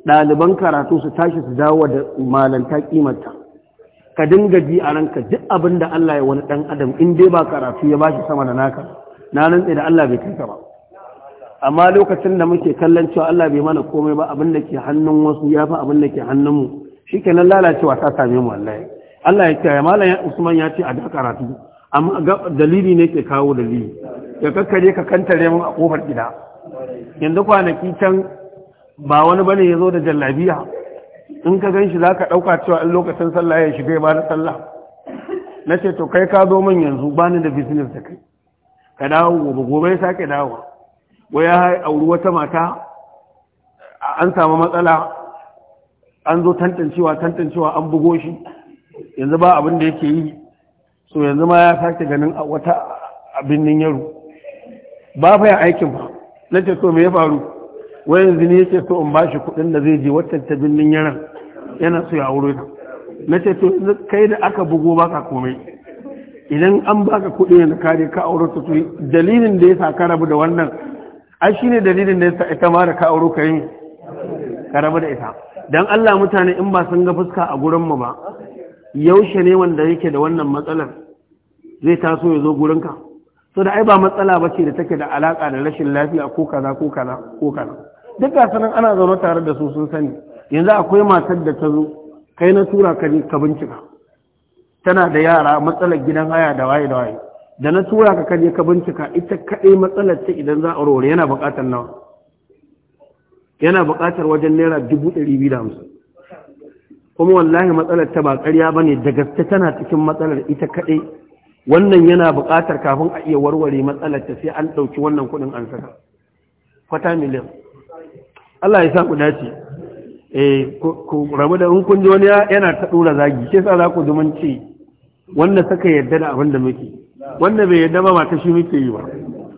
ɗaliban karatu su tashi su dawo da malanta kimanta. ka dinga ji a ranka duk abin da Allah ya wani ɗan adam in dai ba karatu ya ba shi sama da naka na rantse da Allah bai kai ka ba amma lokacin da muke kallon cewa Allah bai mana komai ba abin da ke hannun wasu ya fi abin da ke hannun mu shi nan lalacewa ta same mu wallahi Allah ya ya malam Usman ya ce a da karatu amma dalili ne ke kawo dalili ya kakkare ka kantare mu a kofar gida yanzu kwanaki can ba wani bane ya zo da jallabiya in ka gan shi za ka ɗauka cewa in lokacin sallah ya shiga ba da sallah na ce to kai ka zo man yanzu ba ni da business da kai ka dawo gobe gobe ya sake dawo waya auri wata mata an samu matsala an zo tantancewa tantancewa an bugo shi yanzu ba abin da yake yi so yanzu ma ya sake ganin wata abin yaro ba fa ya aikin ba na ce to me ya faru wai yanzu ne yake so in bashi kuɗin da zai je watan ta birnin yaran yana so ya aure na ce to kai da aka bugo baka komai idan an baka kuɗi yanzu kare ka aure ta dalilin da yasa ka rabu da wannan ai shine dalilin da yasa ita ma da ka aure ka yi ka rabu da ita dan Allah mutane in ba sun ga fuska a gurin mu ba yaushe ne wanda yake da wannan matsalar zai taso ya zo ka so da ai ba matsala ba ce da take da alaka da rashin lafiya ko kaza ko kaza ko kaza duk sanin ana zaune tare da su sun sani yanzu akwai matar da ta zo kai na tura ka ka bincika tana da yara matsalar gidan haya da waye da waye da na tura ka kaje ka bincika ita kaɗai matsalar ce idan za a rore yana buƙatar nawa yana buƙatar wajen naira dubu ɗari biyu da hamsin kuma wallahi matsalar ta ba ƙarya ba ne da gaske tana cikin matsalar ita kaɗai wannan yana buƙatar kafin a iya warware matsalar ta sai an ɗauki wannan kuɗin an saka kwata miliyan Allah ya sa ku dace eh ku rabu da in kun ji wani yana ta dora zagi sai sa za ku zumunci wanda saka yadda da abin da muke wanda bai yadda ba ta shi muke yi ba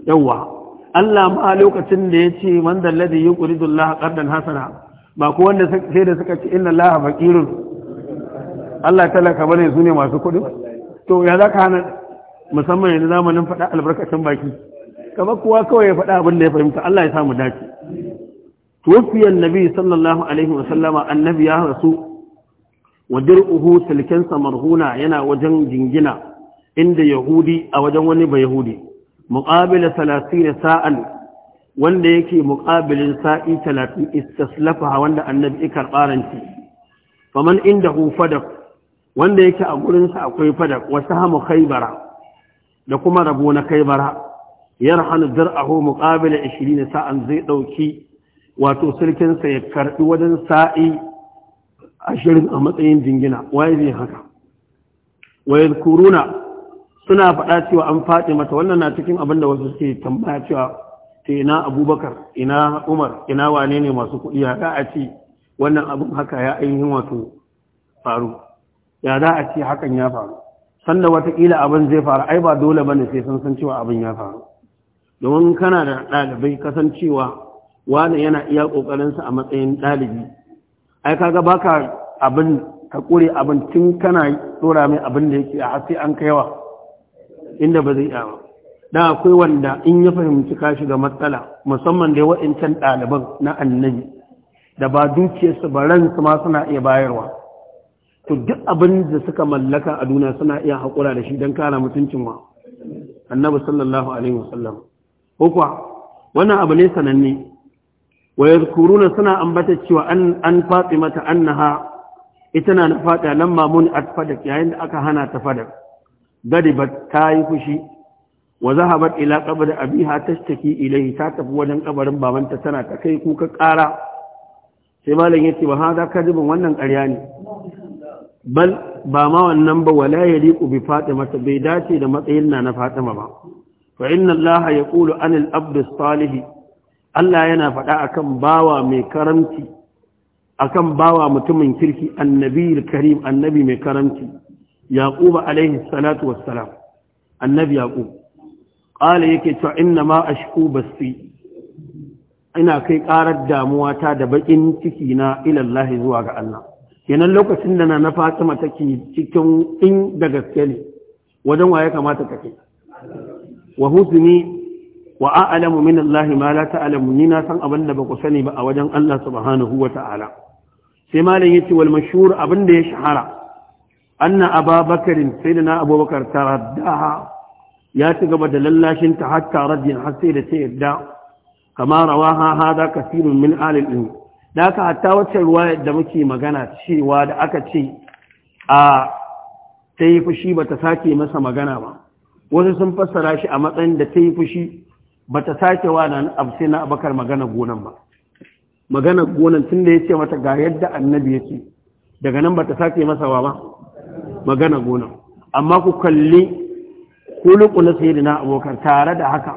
yawa Allah ma lokacin da ya ce man da ladhi yuridu Allah qardan hasana ba ku wanda sai da suka ce inna Allah faqirun Allah talaka bane su ne masu kuɗi to ya za ka hana musamman yanzu zamanin faɗa albarkacin baki kamar kowa kawai ya faɗa abin da ya fahimta Allah ya samu dace توفي النبي صلى الله عليه وسلم النبي يا رسول ودرؤه سلكنس مرهونا ينا وجن جنجنا عند يهودي أو جن بيهودي مقابل ثلاثين ساعة wanda yake muƙabilin sa'i 30 istaslafaha wanda annabi ikar ƙaranci faman inda hu fadak wanda yake a gurinsa akwai fadak wasu hamu kaibara da kuma rabo na kaibara yar hannu sa'an zai ɗauki wato sa ya karbi wajen sa'i ashirin a matsayin jingina waye zai haka waye kuruna suna faɗa cewa an faɗi mata wannan na cikin abin da wasu suke tambaya cewa ta ina abubakar ina umar ina wane ne masu kuɗi ya za a ce wannan abin haka ya ainihin wato faru ya za a ce hakan ya faru sanda watakila abin zai faru ai ba dole bane sai sun san cewa abin ya faru domin kana da ɗalibai kasancewa wani yana iya ƙoƙarinsa a matsayin ɗalibi ai kaga baka abin ka ƙure abin tun kana ɗora mai abin da yake a sai an kaiwa inda ba zai yawa da akwai wanda in ya fahimci ka shiga matsala musamman da wa'incan ɗaliban na annabi da ba dukiyarsu ba ransu ma suna iya bayarwa to duk abin da suka mallaka a duniya suna iya haƙura da shi don kare mutuncin wa annabi sallallahu alaihi wasallam ko kuwa wannan abu ne sananne wa kuruna suna ambata cewa an an fatimata annaha ita na fada lamma mun atfadak yayin da aka hana ta fadak gadibat tayi fushi wa zahabat ila qabri abiha tashtaki ilayhi ta tafi wajen kabarin babanta tana ta kai kuka kara sai malam yace ba hada kadibin wannan karya ne bal ba ma wannan ba wala yaliqu bi fatimata bai dace da matsayin na na fatima ba fa inna ya yaqulu anil abd salih Allah yana faɗa akan bawa mai karamci akan bawa mutumin kirki annabi karim annabi mai karamci yaqub alaihi salatu wassalam annabi yaqub qala yake cewa inna ma ashku basti ina kai karar damuwa ta da bakin ciki na ilallahi zuwa ga Allah kenan lokacin da na na Fatima take cikin in da gaske ne wajen waye kamata kake wa husni wa a'lamu min Allah ma la ta'lamu ni na san abin da ba ku sani ba a wajen Allah subhanahu wa ta'ala sai malam yace wal mashhur abin da ya shahara anna ababakar sayyidina abubakar taraddaha ya ci gaba da lallashin ta hatta radin har sai da ta yadda kama rawaha hada kasirun min alil ilm da haka hatta wacce ruwaya da muke magana cewa da aka ce a ta yi fushi ba ta sake masa magana ba wasu sun fassara shi a matsayin da ta yi fushi ba ta sake wa nan sai na abakar magana gonan ba magana gonan tun da ya ce mata ga yadda annabi ya ce daga nan ba ta sake masa wa ba magana gonan amma ku kalli kuluku na sayi na abokan tare da haka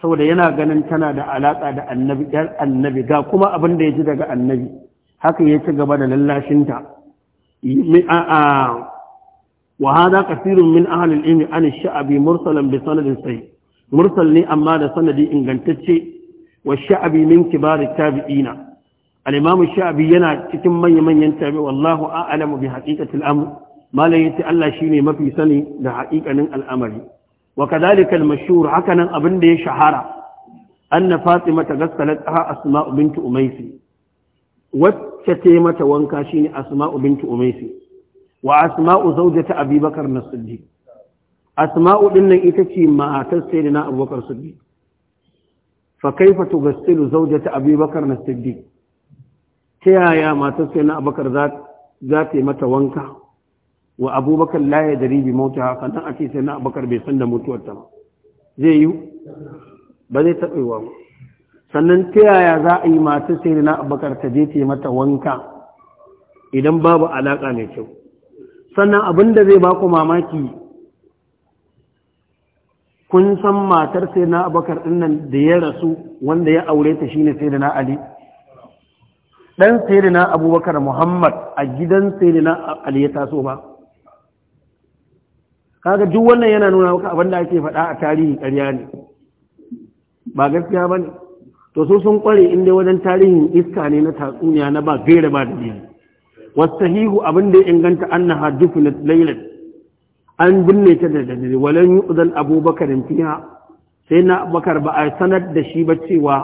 saboda yana ganin tana da alaƙa da annabi ɗan annabi ga kuma abin da ya ji daga annabi haka ya ci gaba da lallashinta wa hada kasirun min ahlil ilmi an sha'abi mursalan bi sanadin sahih mursal ne amma da sanadi ingantacce wa sha'abi min kibar tabi'ina al-imam sha'abi yana cikin manya-manyan tabi wallahu a'lamu bi haqiqati al-amr malai yace Allah shine mafi sani da haƙiƙanin al'amari wa kadhalika al-mashhur hakanan abin da ya shahara anna fatima tagassalat asma' bint umaysi wacce ta mata wanka shine asma'u bint umaysi wa asma'u zawjata abubakar na siddiq asma'u dinnan ita ce matar sayyidina abubakar siddiq fa kaifa tugassilu zawjata abubakar na siddiq ta yaya matar sayyidina abubakar za ta yi mata wanka wa abubakar la ya dari bi mauta sannan a ce sayyidina abubakar bai san da mutuwar ba zai yi ba zai yi wa sannan ta yaya za a yi matar sayyidina abubakar ta je ta yi mata wanka idan babu alaƙa mai kyau sannan abin da zai ku mamaki kun san matar sai na abakar dinnan da ya rasu wanda ya aure ta shine sai na ali dan sai na abubakar muhammad a gidan sai na ali ya taso ba kaga duk wannan yana nuna maka abin da ake faɗa a tarihi ƙarya ne ba gaskiya ba ne to so sun ƙware in dai wajen tarihin iska ne na tatsuniya na ba gaira ba da biyu wasu sahihu abin da ya inganta annaha dufinat lailat an binne ta da dare walan yu'zan abubakar fiha sai na bakar ba a sanar da shi ba cewa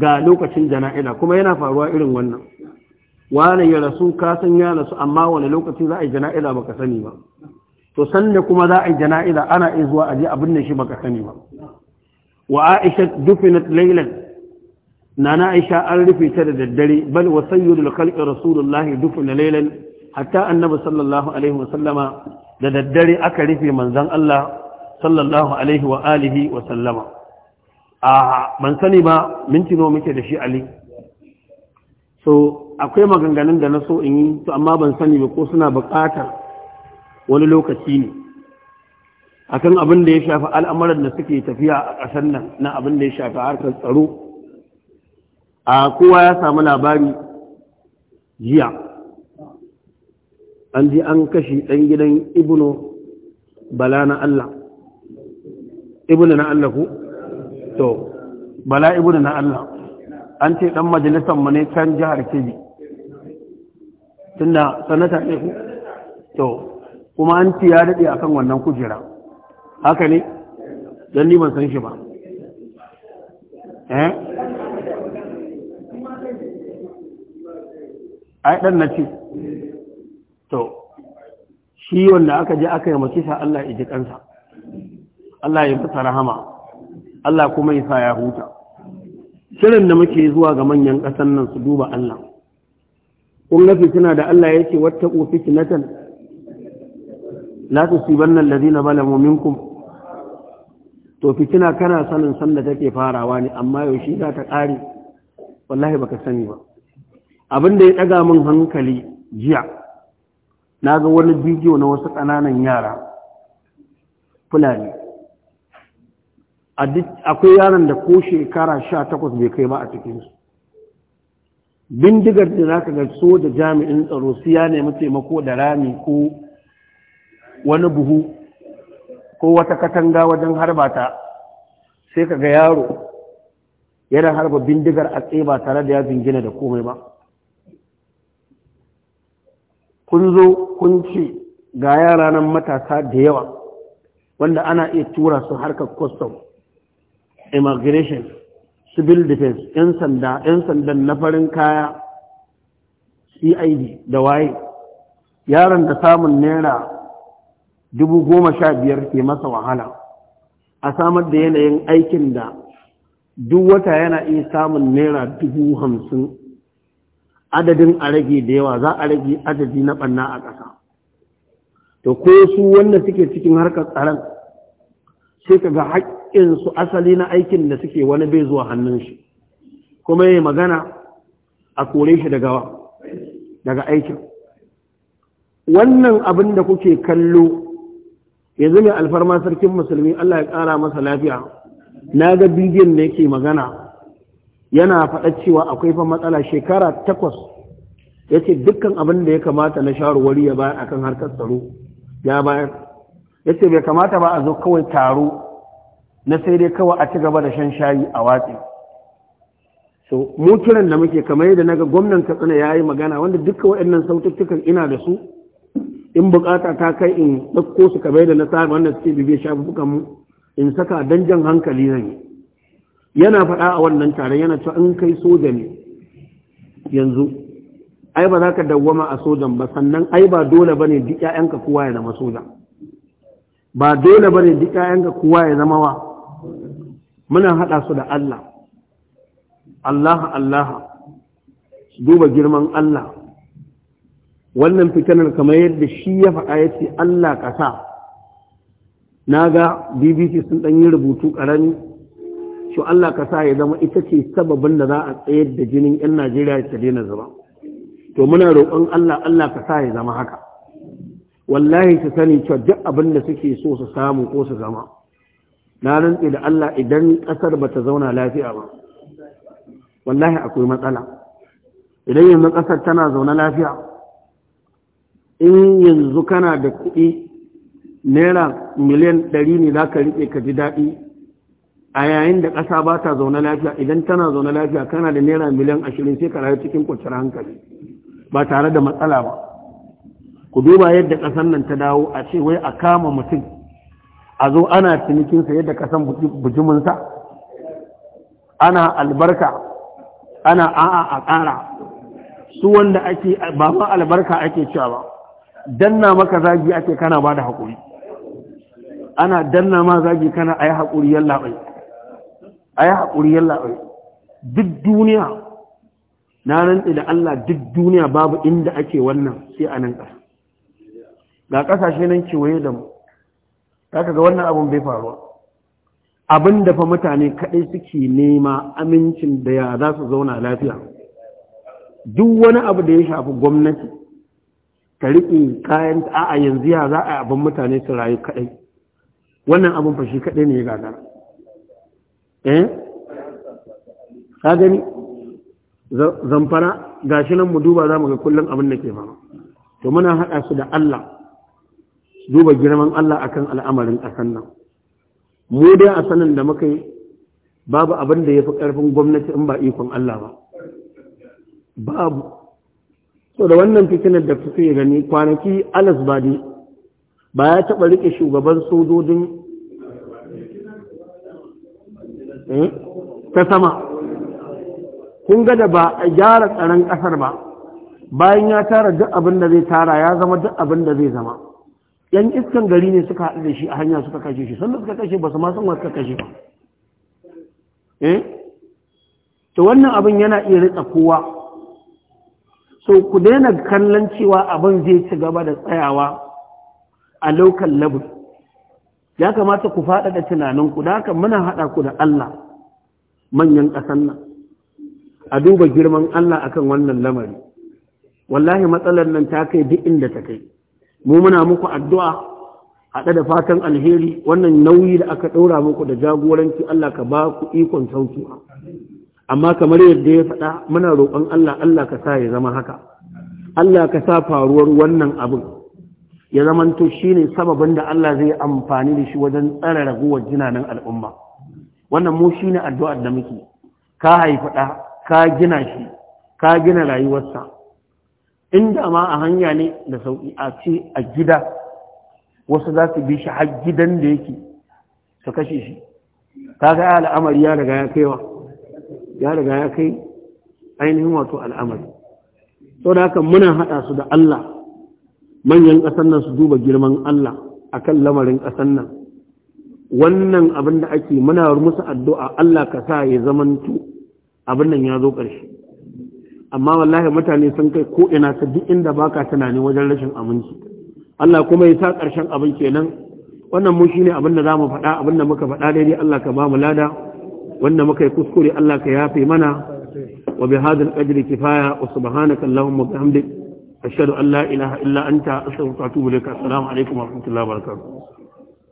ga lokacin jana'ila kuma yana faruwa irin wannan wani ya rasu ka san ya rasu amma wani lokaci za a yi jana'ila baka sani ba to sanda kuma za a yi jana'ila ana izuwa ji a binne shi baka sani ba wa aisha dufinat laylan nana aisha an rufe ta da daddare bal wa sayyidul khalqi rasulullahi dufina laylan hatta annabi sallallahu alaihi wasallama da daddare aka rufe manzon Allah sallallahu alaihi wa alihi wa sallama a ban sani ba minti nawa muke da shi ali so akwai maganganun da na so in yi to amma ban sani ba ko suna buƙatar wani lokaci ne akan abin da ya shafi al'amuran da suke tafiya a ƙasar nan na abin da ya shafi harkar tsaro a kowa ya samu labari jiya an ji an kashi ɗan gidan ibnu bala na Allah ibnu na Allah ku to bala ibnu na Allah an ce ɗan majalisar mu ne can jihar tun tunda sanata ne ku to kuma an ci ya daɗe akan wannan kujera haka ne don ni ban san shi ba eh ai ɗan na ce to shi wanda aka je aka yi makisa Allah ya ji kansa Allah ya fasa rahama Allah kuma ya sa ya huta shirin da muke zuwa ga manyan ƙasar nan su duba Allah kun ga fitina da Allah yake wata ku fitnatan la da alladhina malamomin minkum to fitina kana sanin sanda take farawa ne amma yaushe za ta ƙare wallahi baka sani ba abin da ya daga min hankali jiya na ga wani bidiyo na wasu ƙananan yara fulani akwai yaran da ko shekara sha takwas bai kai ba a cikinsu bindigar da za ka ga so da jami'in tsaro su ya nemi taimako da rami ko wani buhu ko wata katanga wajen harbata sai ka ga yaro yana harba bindigar a tsaye ba tare da ya zingina da komai ba kun zo kun ce ga yara nan matasa da yawa wanda ana iya tura su harkar custom immigration civil defense 'yan sanda 'yan sandan na farin kaya cid da waye yaron da samun naira dubu goma sha biyar ke masa wahala a samar da yanayin aikin da duk wata yana iya samun naira dubu hamsin adadin a rage da yawa za a rage adadi na ɓanna a ƙasa to ko su wanda suke cikin harkar tsaron sai ka ga su asali na aikin da suke wani bai zuwa hannun shi kuma yi magana a kore shi daga aikin wannan abin da kuke kallo yanzu mai alfarma sarkin musulmi Allah ya ƙara masa lafiya na ga bidiyon da yake magana yana faɗa cewa akwai fa matsala shekara takwas ya ce dukkan abin da ya kamata na shawarwari ya bayar akan harkar tsaro ya bayar ya ce bai kamata ba a zo kawai taro na sai dai kawai a ci gaba da shan shayi a watsi so mu kiran da muke kamar yadda naga gwamnan katsina ya yi magana wanda dukkan waɗannan saututtukan ina da su in bukata ta kai in ɗauko su kamar yadda na sa wanda suke bibiyar shafukan mu in saka danjan hankali zan yi yana faɗa a wannan tare yana cewa in kai soja ne yanzu ai ba za ka dawwama a sojan ba sannan ai ba dole bane duk ƴaƴanka kowa ya zama soja ba dole bane duk ƴaƴanka kowa ya zama wa muna haɗa su da Allah Allah Allah duba girman Allah wannan fitanar kamar yadda shi ya faɗa ya ce Allah ƙasa na ga bbc sun ɗan yi rubutu ƙarami To Allah ka sa ya zama ita ce sababin da za a tsayar da jinin 'yan Najeriya ta daina zuba to muna roƙon Allah Allah ka sa ya zama haka wallahi su sani cewa duk abin da suke so su samu ko su zama na rantsi da Allah idan ƙasar ba ta zauna lafiya ba wallahi akwai matsala idan yanzu ƙasar tana zaune lafiya in yanzu kana da kuɗi naira miliyan ɗari ne za ka riƙe ka ji daɗi a yayin da ƙasa ba ta zaune lafiya idan tana zaune lafiya kana da naira miliyan ashirin sai ka rayu cikin kwacciyar hankali ba tare da matsala ba ku duba yadda ƙasar nan ta dawo a ce wai a kama mutum a zo ana cinikinsa yadda ƙasan bujiminsa ana albarka ana a'a a ƙara su wanda ake ba ma albarka ake cewa ba danna maka zagi ake kana ba da haƙuri ana danna ma zagi kana a yi haƙuri yallaɓai a yi haƙuri yalla duk duniya na rantsi da Allah duk duniya babu inda ake wannan sai a nan ƙasa ga ƙasashe nan kewaye da mu za ka ga wannan abin bai faruwa abin da fa mutane kaɗai suke nema amincin da ya za su zauna lafiya duk wani abu da ya shafi gwamnati ta riƙe kayan a'a yanzu ya za a abin mutane su rayu kaɗai wannan abin fashi kaɗai ne ya gagara eh ka gani zamfara ga shi nan mu duba za mu ga kullum abin da ke fama to muna haɗa su da Allah duba girman Allah akan al'amarin ƙasar nan mu dai a sanin da muka yi babu abin da ya fi ƙarfin gwamnati in ba ikon Allah ba babu so da wannan fitinar da kuke gani kwanaki alas badi ba ya taɓa riƙe shugaban sojojin Eh? ta sama kun ga da ba a gyara tsaron ƙasar ba bayan ya tara duk abin da zai tara ya zama duk abin da zai zama yan iskan gari ne suka haɗu da shi a hanya suka kashe shi sannan suka kashe ba su masu wasu kashe ba eh? ta wannan abin yana iya ritsa kowa so ku daina kallon cewa abin zai ci gaba da tsayawa a local level ya kamata ku faɗaɗa tunaninku da haka muna haɗa ku da Allah manyan ƙasan nan a duba girman Allah akan wannan lamari wallahi matsalar nan ta kai duk inda ta kai mu muna muku addu'a haɗe da fatan alheri wannan nauyi da aka ɗora muku da jagoranci Allah ka ba ku ikon sauki amma kamar yadda ya faɗa muna roƙon Allah Allah ka sa ya zama haka Allah ka sa faruwar wannan abin ya zamanto shine sababin da Allah zai amfani da shi wajen tsara raguwar jinanan al'umma wannan mu shi ne addu'ar da muke ka haifi ɗa ka gina shi ka gina rayuwarsa inda ma a hanya ne da sauƙi a ce a gida wasu za su bi shi har gidan da yake su kashe shi ta ga al'amari ya riga ya kaiwa ya riga ya kai ainihin wato al'amari sau da haka muna haɗa su da Allah manyan ƙasar nan su duba girman Allah a kan lamarin ƙasar nan wannan abin da ake muna musu addu'a Allah ka sa ya zamantu abin nan ya zo ƙarshe amma wallahi mutane sun kai ko ina ta duk inda baka tunani wajen rashin aminci Allah kuma ya sa ƙarshen abin kenan wannan mu shine abin da zamu faɗa abin da muka faɗa daidai Allah ka ba mu lada wanda muka yi kuskure Allah ka yafe mana wa bi hadal qadri kifaya wa subhanaka allahumma bihamdik ashhadu an la ilaha illa anta astaghfiruka wa atubu ilaik assalamu alaikum wa rahmatullahi wa barakatuh